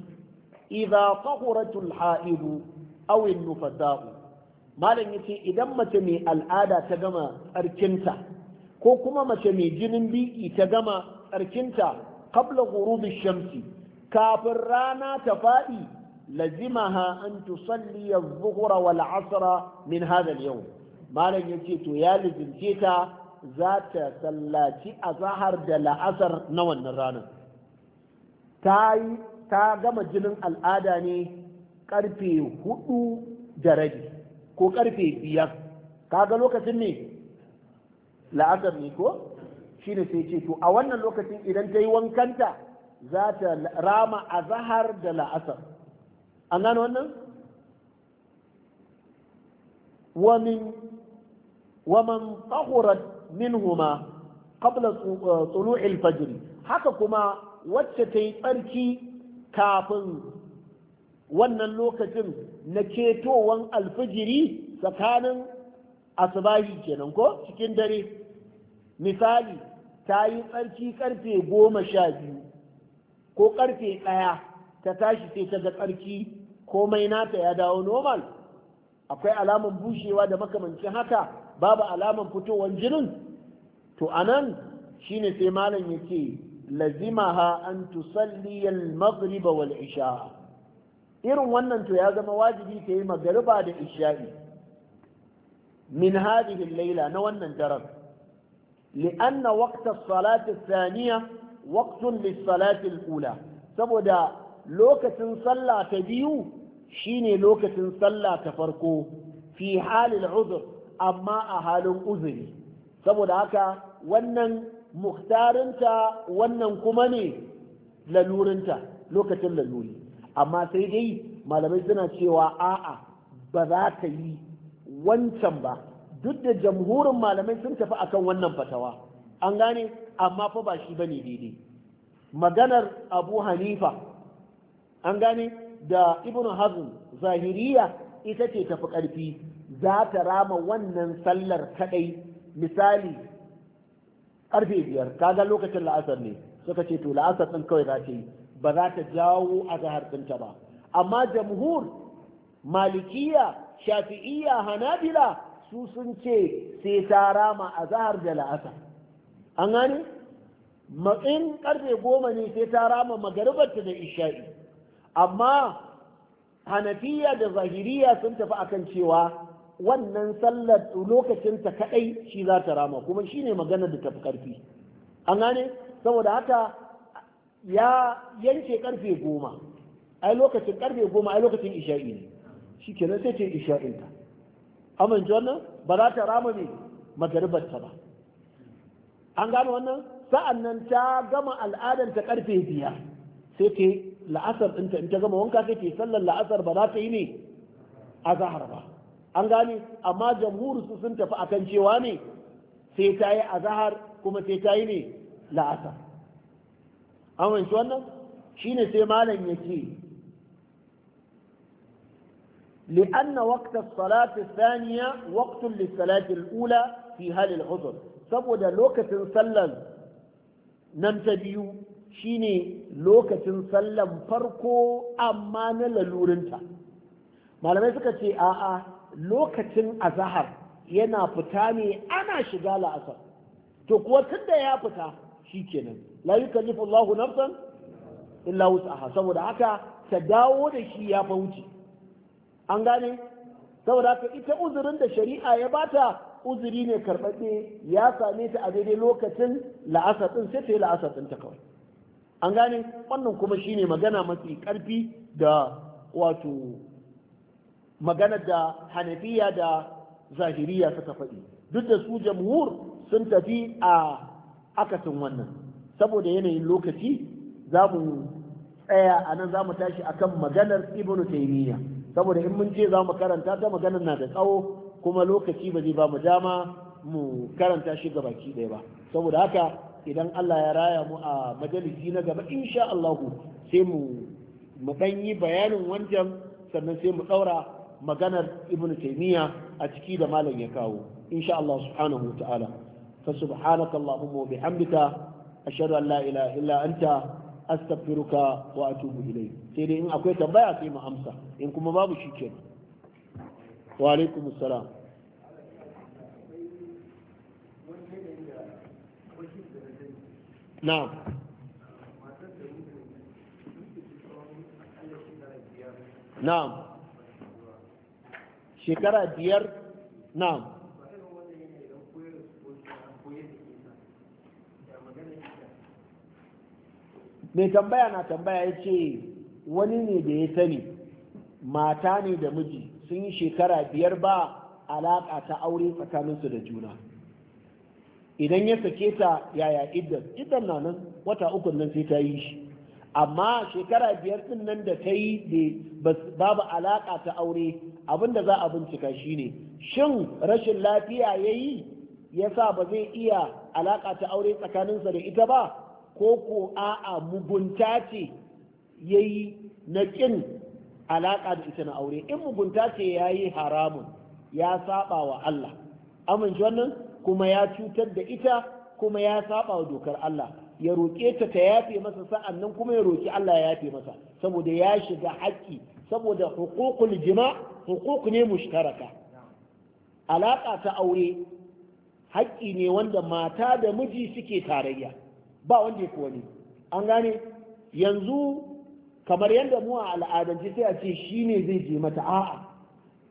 Speaker 1: idza tahuratul haidu aw an-nufasa'u malam yace idan mace mai al'ada ta gama tsarkinta ko kuma mace mai jinin biki ta gama tsarkinta qabla ghurubi shamsi kafin rana ta faɗi lazimaha an tusalli adh-dhuhra wal 'asra min hadha al-yawm malam yace to ya lizince ta za ta sallaci azahar da la'asar na wannan ranar ta yi ta gama jinin al'ada ne karfe hudu da rabi ko karfe biyar kaga lokacin ne la'asar ne ko shi ne sai ce to a wannan lokacin idan ta yi wankanta za ta rama azahar da la'asar an gano wannan ومن ومن طهرت minhuma qabla eh, tulu'il fajr haka kuma wacce ta yi tsarki kafin wannan lokacin na ketowan alfijiri tsakanin asubahi kenan ko cikin dare misali ta yi tsarki karfe goma sha biyu ko karfe ɗaya ta tashi sai ta ga tsarki komai nata ya dawo normal akwai alaman bushewa da makamancin haka babu alaman fitowar jinin to anan shine sai malam yake lazimaha an tusalli al-maghrib wal isha irin wannan to ya zama wajibi ta yi magariba da isha'i min hadhihi al-laila na wannan daren li'anna waqt as-salati ath-thaniya waqtun lis-salati al-ula saboda lokacin sallah ta biyu shine lokacin sallah ta farko fi halil uzur amma a halin uzuri saboda haka wannan muhtarinta wannan kuma ne lalurinta lokacin laluri amma sai dai malamai suna cewa a'a ba za ta yi wancan ba duk da jamhurin malamai sun tafi akan wannan fatawa an gane amma fa ba shi ne daidai maganar abu hanifa an gane da ibn hazm zahiriya ita ce tafi ƙarfi za ta rama wannan sallar kaɗai misali karfe biyar kaga lokacin la'asar ne suka ce to la'asar ɗin kawai za ta yi ba za ta jawo a ga ɗinta ba amma jamhur malikiya shafi'iya hanabila su sun ce sai ta rama a zahar da la'asar an gane matsayin karfe goma ne sai ta rama magaribarta da isha'i amma hanafiya da zahiriya sun tafi akan cewa wannan sallar lokacin ta kadai shi za ta rama kuma shi ne magana da tafi karfi an gane saboda haka ya yanke karfe goma ai lokacin karfe goma ai lokacin isha'i ne shi kenan sai ce isha'in ta amince wannan ba za ta rama ne magaribar ta ba an gane wannan sa'an nan ta gama al'adar ta karfe biyar sai ta la'asar ɗinta in ta gama wanka sai ta sallar la'asar ba za ta yi ne a zahar ba an gane amma jamhur su sun tafi akan cewa ne sai ta azahar kuma sai ta yi ne la'asar an wanci wannan shine sai malam ya ce لأن وقت الصلاة الثانية وقت للصلاة الأولى في هل العذر saboda lokacin sallar nan ta biyu shine lokacin sallar farko amma na lalurinta malamai suka ce a'a lokacin azahar yana fita ne ana shiga la'asar to kuwa tunda ya fita shi kenan la yukallifu Allahu nafsan illa wus'aha saboda haka ta dawo da shi ya fa wuce an gane saboda haka ita uzurin da shari'a ya bata uzuri ne karɓaɓɓe ya same ta a daidai lokacin la'asar ɗin sai ta yi la'asar ɗin ta kawai an gane wannan kuma shine magana mafi ƙarfi da wato maganar da hanafiya da zahiriya suka faɗi duk da su jamhur sun tafi a akasin wannan saboda yanayin lokaci za mu tsaya a nan za mu tashi kan maganar ibn taymiya saboda in mun je za mu karanta ta maganar na da tsawo kuma lokaci ba zai ba mu dama mu karanta shi ga baki ɗaya ba saboda haka idan Allah ya raya mu a majalisi na gaba insha Allah sai mu mu yi bayanin wancan sannan sai mu ɗaura maganar ibn taymiya a ciki da malam ya kawo insha Allah subhanahu wa ta'ala fa subhanaka allahumma wa bihamdika ashhadu an la ilaha illa anta astaghfiruka wa atubu ilayk sai dai in akwai tambaya sai mu amsa in kuma babu shikenan wa alaikumus na'am na'am shekara biyar na mai tambaya na tambaya ya ce wani ne da ya sani mata ne da miji sun yi shekara biyar ba alaƙa ta aure tsakaninsu da juna idan ya sake ta yaya iddan iddan na nan wata uku nan sai ta yi shi amma shekara biyar din nan da ta yi da babu alaƙa ta aure da za a bincika shi ne. shin rashin lafiya ya yi ya sa ba zai iya alaƙa ta aure tsakaninsa da ita ba ko ko a'a mugunta ce ya yi na ƙin alaƙa da ita na aure in mugunta ce ya yi haramun ya saba wa Allah amince wannan kuma ya cutar da ita kuma ya saba wa dokar Allah ya roƙe ta ta yafe masa sa'an nan kuma ya roƙi Allah ya yafe masa saboda ya shiga haƙƙi saboda hukukul jima hukuk ne mushtaraka alaƙa ta aure haƙƙi ne wanda mata da miji suke tarayya ba wanda ya wani an gane yanzu kamar yadda mu a al'adance sai a ce shi ne zai je mata a'a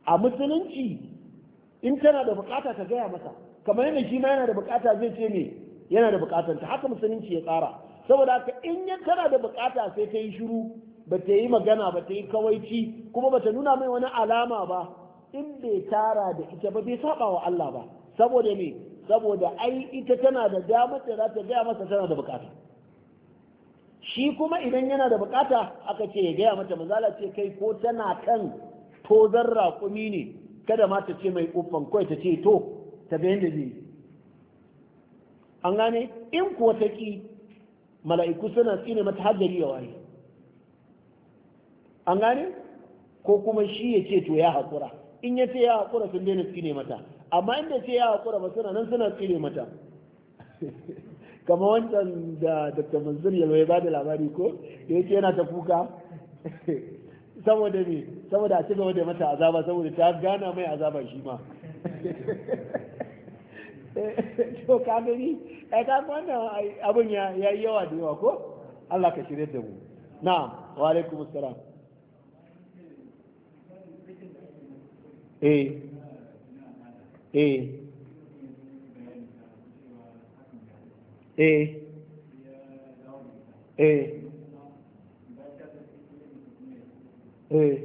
Speaker 1: a musulunci in tana da bukata ta gaya masa kamar yadda shi ma yana da bukata zai ce ne yana da bukatar ta haka musulunci ya tsara saboda haka in ya kana da bukata sai ta yi shiru ba ta yi magana ba ta yi kawaici kuma ba ta nuna mai wani alama ba in bai tara da ita ba bai saba wa Allah ba saboda me saboda ai ita tana da damar da za ta gaya masa tana da bukata shi kuma idan yana da bukata aka ce ya gaya mata mazala ce kai ko tana kan tozar raƙumi ne kada ma ta ce mai kofan kawai ta ce to ta ga yadda zai an gane in kuwa ta ƙi mala'iku suna tsine mata hajjari ya waye an gane ko kuma shi ya ce to ya haƙura in ya ce ya haƙura sun daina tsine mata amma inda ce ya haƙura ba suna nan suna tsine mata kama wancan da dr manzur yalwa ya bada labari ko da yake yana ta kuka saboda ne saboda a da mata azaba saboda ta gana mai azaba shi ma to ka gani ai ka wannan abun ya yi yawa da yawa ko Allah ka shirye da mu na'am wa alaikum assalam eh eh eh eh eh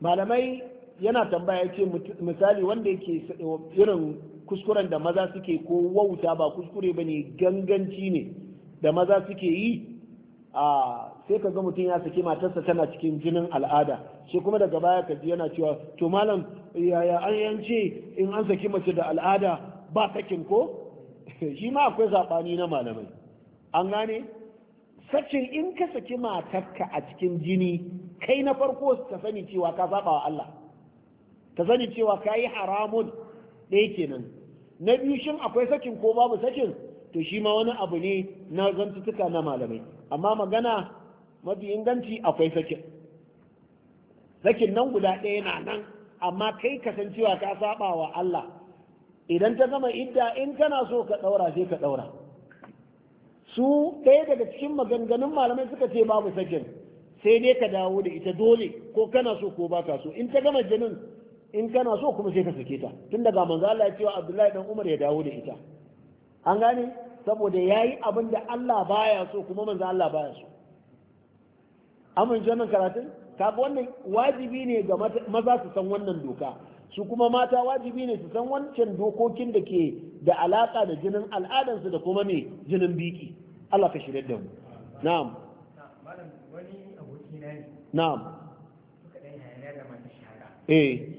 Speaker 1: malamai yana tambaya ce misali wanda yake irin kuskuren da maza suke ko wauta ba kuskure ba ne ganganci ne da maza suke yi a sai ka ga mutum ya saki matarsa tana cikin jinin al'ada shi kuma daga baya ka ji yana cewa to malam yaya an yance in an saki mace da al'ada ba sakin ko shi ma akwai zaɓani na malamai an gane sakin in ka saki matarka a cikin jini kai na farko ka sani cewa ka saba wa Allah ka sani cewa ka yi haramun ɗaya kenan na biyu shin akwai sakin ko babu sakin to shi ma wani abu ne na zantutuka na malamai amma magana mafi inganci akwai sakin sakin nan guda ɗaya na nan amma kai kasancewa ka saba wa Allah idan ta zama idda in kana so ka ɗaura sai ka ɗaura su ɗaya daga cikin maganganun malamai suka ce babu sakin sai ne ka dawo da ita dole ko kana so ko baka so in ta gama jinin in kana so kuma sai ka sake ta tun daga manzo Allah ya cewa Abdullahi dan Umar ya dawo da ita an gane saboda yayi abin da Allah baya so kuma manzo Allah baya so amin jannan karatun kaga wannan wajibi ne ga maza su san wannan doka su kuma mata wajibi ne su san wancan dokokin da ke da alaka da jinin al'adansu da kuma ne jinin biki Allah ka shirye da mu na'am na'am eh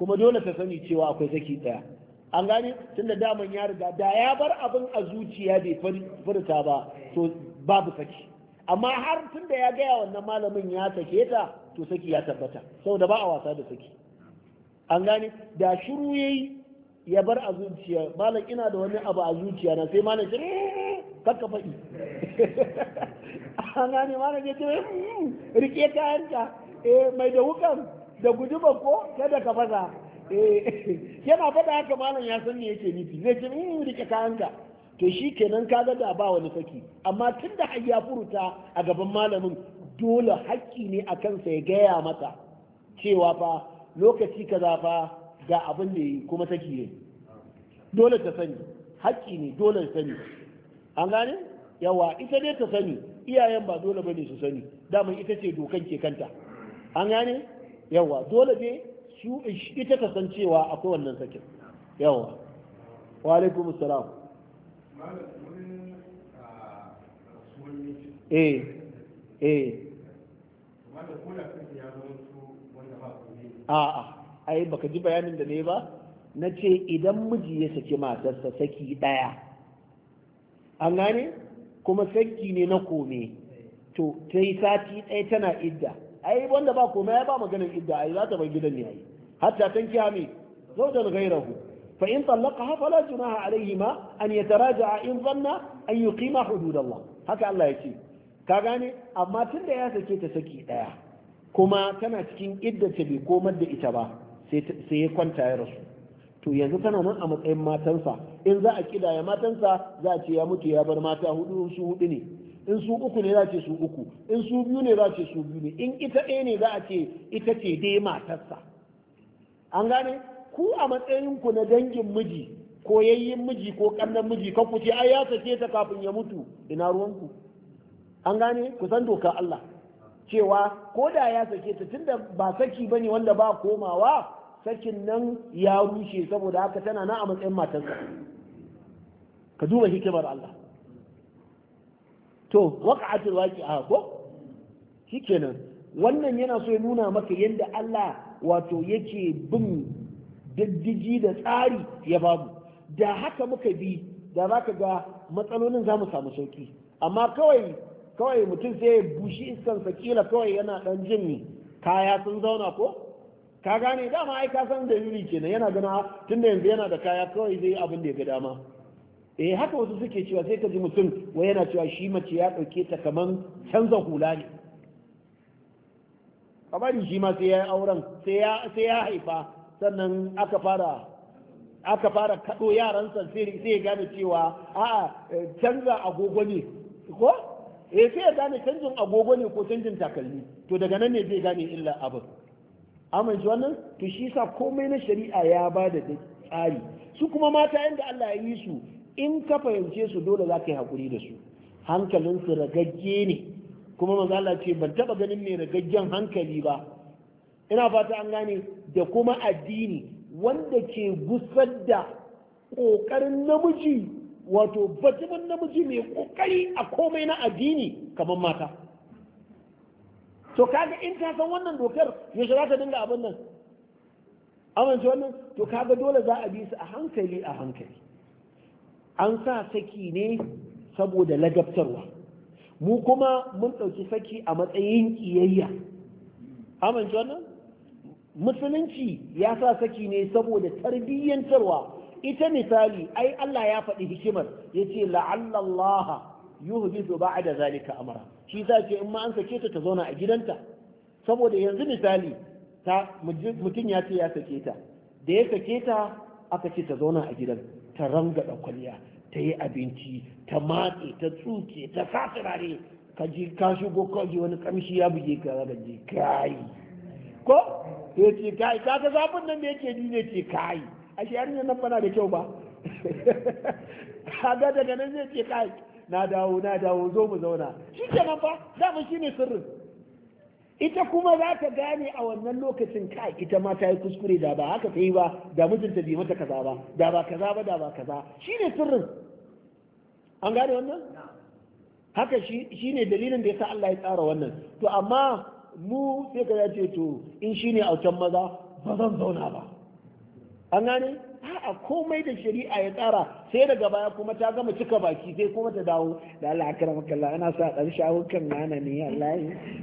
Speaker 1: kuma dole ka sani cewa akwai saki daya an gane tunda daman ya riga da ya bar abin a zuciya bai furta ba to babu saki amma har tunda ya gaya wannan malamin ya sake ta to saki ya tabbata saboda ba a wasa da saki an gane da shiru yayi ya bar a zuciya malam ina da wani abu a zuciya na sai malam shiru mm, kakka faɗi an gane malam ya ce mm, mm, rike ta hanka eh mai da wukan da guduma ko kada ka fasa eh, yana faɗa haka malam ya san me yake nufi zai ce in hmm, rike kayanka to shi kenan ka ga da ba wani saki amma tun da ya furuta a gaban malamin dole haƙƙi ne a kansa ya gaya mata cewa fa lokaci kaza fa ga abin da yi kuma saki ne dole ta sani haƙƙi ne dole ta sani an gane yawa ita dai ta sani iyayen ba dole bane su sani daman ita ce dokan ke kanta an gane yawa dole ne su ita kasancewa akwai wannan sakin yawa wa alaikum salam eh, eh a'a ai baka ji bayanin da ne ba na ce idan miji ya saki matarsa saki ɗaya an gane kuma saki ne na kome to ta yi sati ɗaya tana idda ai wanda ba komai ya ba maganin idda ai za ta bar gidan ne ai hatta tan kiyami zawjan ghayrahu fa in talaqaha fala junaha alayhima an yataraja'a in zanna an yuqima hudud Allah haka Allah ce. ka gane amma tunda ya sake ta saki daya kuma tana cikin ta bai komar da ita ba sai ya kwanta ya rasu to yanzu tana nan a matsayin matansa in za a kidaya matansa za a ce ya mutu ya bar mata hudu su hudu ne in su uku ne za ce su uku in su biyu ne za ce su biyu ne in ita ɗaya ne za a ce ita ce dai matarsa an gane ku a matsayinku na dangin miji ko yayyin miji ko ƙannan miji kan ku ce ai ya sace ta kafin ya mutu ina ruwanku an gane ku san doka Allah cewa ko da ya sace ta tunda ba saki bane wanda ba komawa sakin nan ya rushe saboda haka tana nan a matsayin matarsa ka duba hikimar Allah to waqa'atul waqi'a ko shikenan wannan yana so ya nuna maka yadda Allah wato yake bin diddigi da tsari ya babu da haka muka bi da za ga matsalolin za mu samu sauki amma kawai kawai mutum sai ya bushi iskansa kila kawai yana dan jin kaya sun zauna ko ka gane dama ai ka san dalili kenan yana gana tunda yanzu yana da kaya kawai zai abin da ya ga dama eh haka wasu suke cewa sai ka ji mutum wai yana cewa shi mace ya ɗauke ta kaman canza hula ne kamar shi ma sai ya yi auren sai ya haifa sannan aka fara aka fara kaɗo yaransa sai ya gane cewa a'a canza agogo ne ko eh sai ya gane canjin agogo ne ko canjin takalmi to daga nan ne zai gane illa abin amince wannan to shi sa komai na shari'a ya ba da tsari su kuma mata yadda Allah ya yi su in ka fahimce su dole za ka yi haƙuri da su hankalinsu ragagge ne kuma mazala ce ban taɓa ganin mai ragaggen hankali ba ina fata an gane da kuma addini wanda ke gusar da ƙoƙarin namiji wato batumin namiji mai ƙoƙari a komai na addini kamar mata to kaga in ta san wannan dokar yaushe za ta dinga abin nan amince wannan to kaga dole za a bi su a hankali a hankali an sa saki ne saboda lagabtarwa mu kuma mun ɗauki saki a matsayin ƙiyayya amince wannan musulunci ya sa saki ne saboda tarbiyyantarwa ita misali ai Allah ya faɗi hikimar ya ce la'allallaha yuhdithu ba'da zalika amra shi za ce in ma an sake ta ta zauna a gidanta saboda yanzu misali ta mutum ya ce ya sake ta da ya sake ta aka ce ta zauna a gidan ta ranga kwalliya ta yi abinci ta matse ta tsuke ta sasirare. ka ji ka shigo ka ji wani kamshi ya buge ka ga ji kai ko ya ce kai ka ga zafin nan da yake ji ne ce kai a shi nan bana da kyau ba ga daga nan zai ce kai na dawo na dawo zo mu zauna shi nan fa dama ne sirrin ita kuma za ta gane a wannan lokacin kai ita ma ta yi kuskure da ba haka ta yi ba da mutunta bi mata kaza ba da ba kaza ba da ba kaza shine sirrin an gane wannan haka shi ne dalilin da ya sa Allah ya tsara wannan to amma mu sai ka ce to in shi ne autan maza ba zan zauna ba an gane a komai da shari'a ya tsara sai daga baya kuma ta gama cika baki sai kuma ta dawo da Allah makalla kalla ana sa dan shawo kan nana ne Allah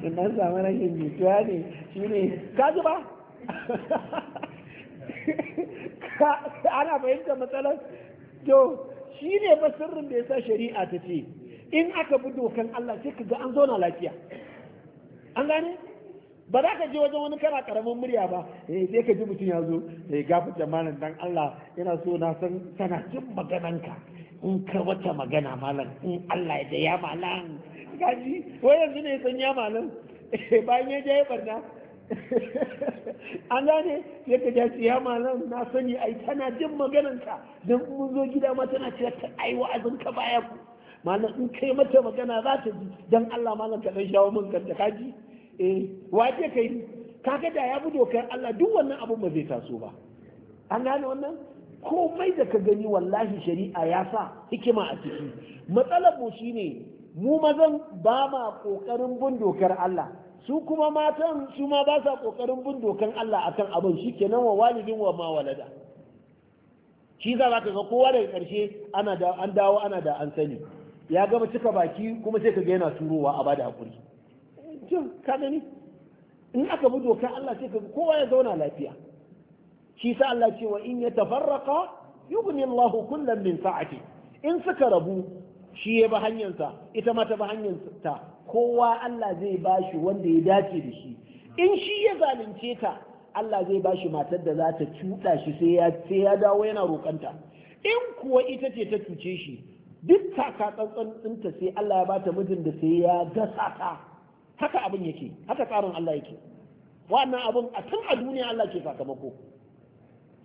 Speaker 1: in an samu rashin jituwa ne shine ka ji ba ana fahimtar matsalar to shine ba sirrin da yasa shari'a ta ce in aka bi dokan Allah sai ka ga an zauna lafiya an gane ba za ka je wajen wani kana karamin murya ba eh sai ka ji mutum ya zo eh gafa malam dan Allah ina so na san sana jin magananka in ka wata magana malam in Allah ya da ya malam gaji wai yanzu ne san ya malam eh, bayan ya je ya barna an gane ya ka jaci ya malam na sani ai tana jin magananka don mun zo gida ma tana cewa ta ai wa'azin ka baya ku malam in kai mata magana za ta ji Dan Allah malam ka dan shawo min ka kaji eh wace yi kaga da ya bi dokar Allah duk wannan abun ba zai taso ba an gane wannan komai da ka gani wallahi shari'a ya sa hikima a ciki matsalar mu shine mu mazan ba ma kokarin bin dokar Allah su kuma matan su ma ba sa kokarin bin dokar Allah akan abin shikenan wa walidin wa ma walada shi za ka ga kowa daga karshe ana da an dawo ana da an sani ya gama cika baki kuma sai ka ga yana turowa a bada hakuri shin ka gani in aka bi dokar Allah sai ka kowa ya zauna lafiya shi sa Allah ce wa in yatafarraqa yughni Allah kullan min sa'ati in suka rabu shi ya ba hanyarsa ita ma ta ba hanyarsa kowa Allah zai bashi wanda ya dace da shi in shi ya zalunce ta Allah zai bashi matar da za ta cuta shi sai ya sai ya dawo yana roƙanta in kuwa ita ce ta cuce shi duk taka tsantsan ɗinta sai Allah ya bata mijin da sai ya gasa ta haka abin yake haka tsarin Allah yake wannan abin a tun a duniya Allah ke sakamako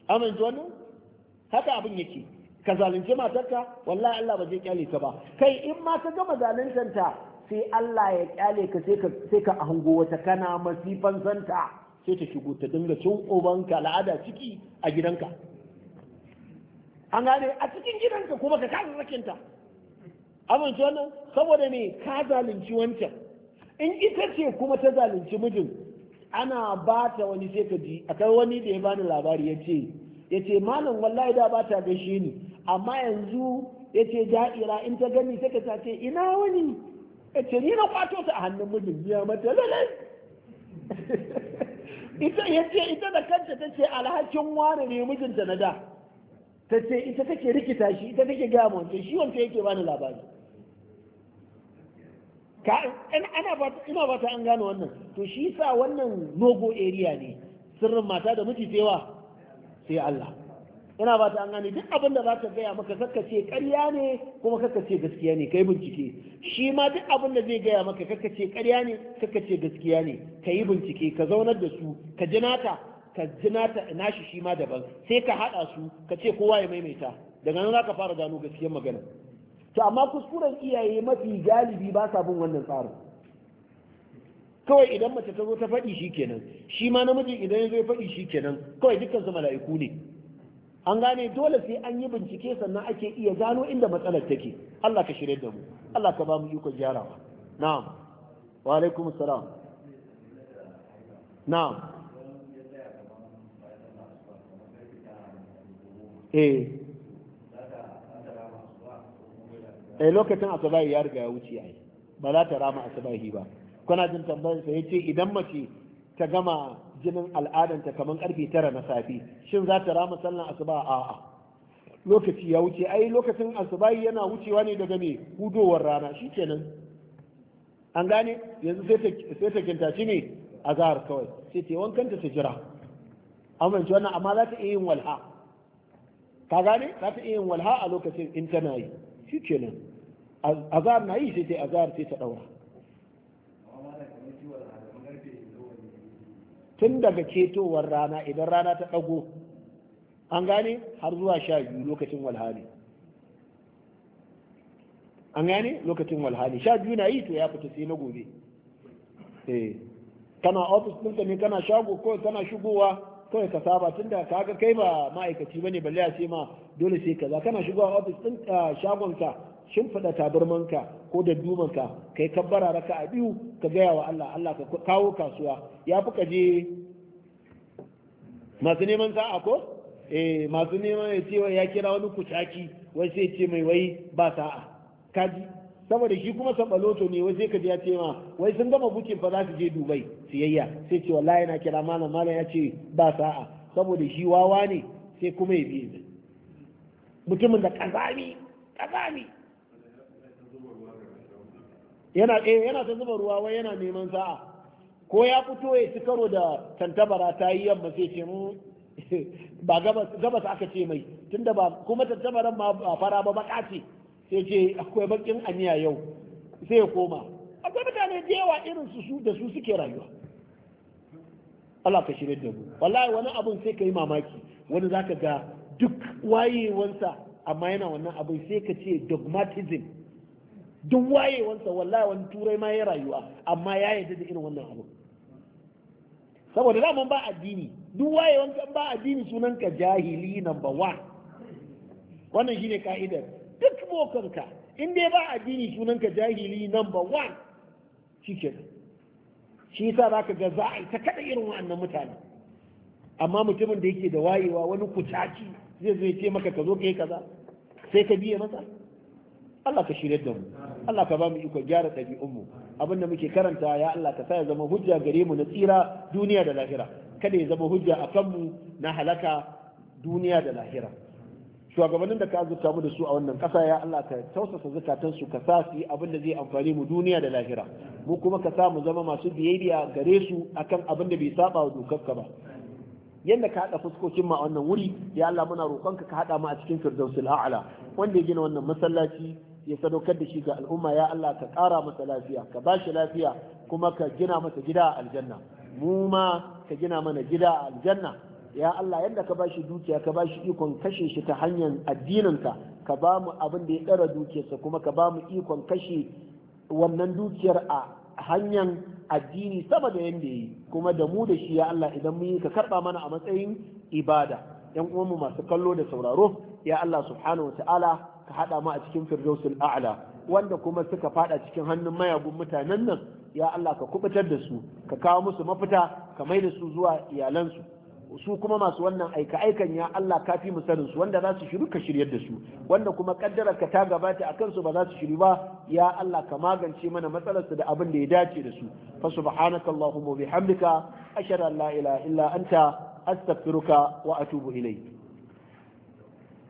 Speaker 1: amin wannan haka abin yake ka zalunci matarka wallahi Allah ba zai kyale ka ba kai in ma ka gama zaluntanta sai Allah ya kyale ka sai ka sai ka hango wata kana masifan santa sai ta shigo ta dinga cin ubanka la'ada ciki a gidanka an gane a cikin gidanka kuma ka kasa sakinta amince wannan saboda me ka zalunci wancan in ita ce kuma ta zalunci mijin ana ba ta wani sai ka ji akai wani da ya bani labari ya ce ya ce malam wallahi da ba ta gaishe ni amma yanzu ya ce ja'ira in ta gani sai ta ce ina wani ya ce ni na kwato ta a hannun mijin ya mata lalai ita ya ce ita da kanta ta ce alhakin wane ne mijinta na da ta ce ita take rikita shi ita take gaya wancan shi wanda yake bani labari ina ba ta an gane wannan to shi sa wannan nogo area ne sirrin mata da miji cewa sai Allah ina ba ta an gane duk abinda da za ka gaya maka kakka ce ƙarya ne kuma kakka ce gaskiya ne kai bincike shi ma duk abin zai gaya maka kakka ce ƙarya ne kakka ce gaskiya ne ka yi bincike ka zaunar da su ka ji nata ka ji nata shi shi ma daban sai ka haɗa su ka ce kowa ya maimaita daga nan za ka fara gano gaskiyar magana to amma kuskuren iyaye mafi galibi ba sa bin wannan tsarin kawai idan mace ta zo ta faɗi shi kenan shi ma namijin idan ya zo ya faɗi shi kenan kawai dukkan su mala'iku ne an gane dole sai an yi bincike sannan ake iya gano inda matsalar take Allah ka shirye da mu Allah ka ba mu ikon gyarawa na'am wa alaikum salam na'am eh a eh, lokacin asabahi ya riga ya wuce ai ba za ta rama asabahi ba kuna jin tambayar sa yace idan mace ta gama jinin al'adanta kamar karfe tara na safi shin za ta rama sallan asuba a'a lokaci ya wuce ai lokacin asubahi yana wucewa ne daga me hudowar rana shikenan an gane yanzu sai ta kintaci ne a zahar kawai sai ta wankanta ta jira amince wannan amma za ta iya yin walha ka gane za ta iya yin walha a lokacin in tana yi shi kenan azar na yi sai ta azar sai ta daura tun daga ketowar rana idan rana ta dago an gane har zuwa sha biyu lokacin walhali an gane lokacin walhali sha biyu na yi to ya fita sai na gobe eh. kana ofis ɗinka ne kana shago kawai kana shigowa kawai ka saba tun da ka ga kai ba ma'aikaci bane balle a ce ma dole sai kaza kana shigowa ofis ɗin ah, shagonka Shin shimfiɗa tabarmanka ko da dumanka kai kabbara raka a biyu ka gaya wa Allah Allah ka kawo kasuwa ya fi ka je masu neman sa'a ko eh masu neman ya ce ya kira wani kucaki wai sai ce mai wai ba sa'a kaji saboda shi kuma baloto ne wai sai ka ya ce ma wai sun gama bukin fa za su je Dubai siyayya sai ce wallahi na kira malam malam ya ce ba sa'a saboda shi wawa ne sai kuma ya biye mutumin da kazami kazami yana eh yana ta zuba ruwa wai yana neman sa'a ko ya fito ya ci karo da tantabara ta yi yamma sai ce mu ba gabas aka ce mai tunda ba kuma tantabaran ma ba fara ba baka ce sai ce akwai bakin aniya yau sai ya koma akwai mutane da yawa irin su su da su suke rayuwa Allah ka shirye da mu wallahi wani abun sai ka yi mamaki wani zaka ga duk wayewansa amma yana wannan abin sai ka ce dogmatism duk wayewansa wallahi wani turai ma ya rayuwa amma ya yarda da irin wannan abu saboda da, mun ba addini duk wayewanka ba addini sunan ka jahili number one wannan shine ka'idar duk ka, in dai ba addini sunan ka jahili number one shikenan shi yasa zaka ga za a yi ta kada irin wannan mutane amma mutumin da yake da wayewa wani kutaci zai zo ya ce maka ka zo ka yi kaza sai ka biye masa Allah ka shirya da mu Allah ka ba mu iko gyara mu. abin da muke karanta ya Allah ka sa ya zama hujja gare mu na tsira duniya da lahira kada ya zama hujja a kanmu na halaka duniya da lahira shugabannin da ka azurta mu da su a wannan ƙasa ya Allah ka tausasa zakatan su ka sa su abin da zai amfani mu duniya da lahira mu kuma ka sa mu zama masu biyayya gare su akan abin da bai saba wa dokarka ba yadda ka haɗa fuskokin ma a wannan wuri ya Allah muna roƙonka ka haɗa mu a cikin firdausul a'la wanda ya gina wannan masallaci ya sadaukar da shi ga al'umma ya Allah ka ƙara masa lafiya ka ba shi lafiya kuma ka gina masa gida a aljanna mu ma ka gina mana gida a aljanna ya Allah yadda ka ba shi dukiya ka ba shi ikon kashe shi ta hanyar addininka ka ba mu abin da ya ɗara dukiyarsa kuma ka ba mu ikon kashe wannan dukiyar a hanyar addini sama da yadda yi kuma da mu da shi ya Allah idan mun yi ka karɓa mana a matsayin ibada yan uwanmu masu kallo da sauraro ya Allah subhanahu wa ta'ala Ka hada mu a cikin firdausul a'la wanda kuma suka fada cikin hannun mayagun mutanen nan ya Allah ka kubutar da su ka kawo musu mafita ka mai da su zuwa iyalansu su kuma masu wannan aika aikan ya Allah ka fi musanin su wanda za su shiru ka shiryar da su wanda kuma kaddara ka ta gabata akan su ba za su shiru ba ya Allah ka magance mana matsalar su da abin da ya dace da su fa subhanaka allahumma bihamdika ashhadu an la ilaha illa anta astaghfiruka wa atubu ilayk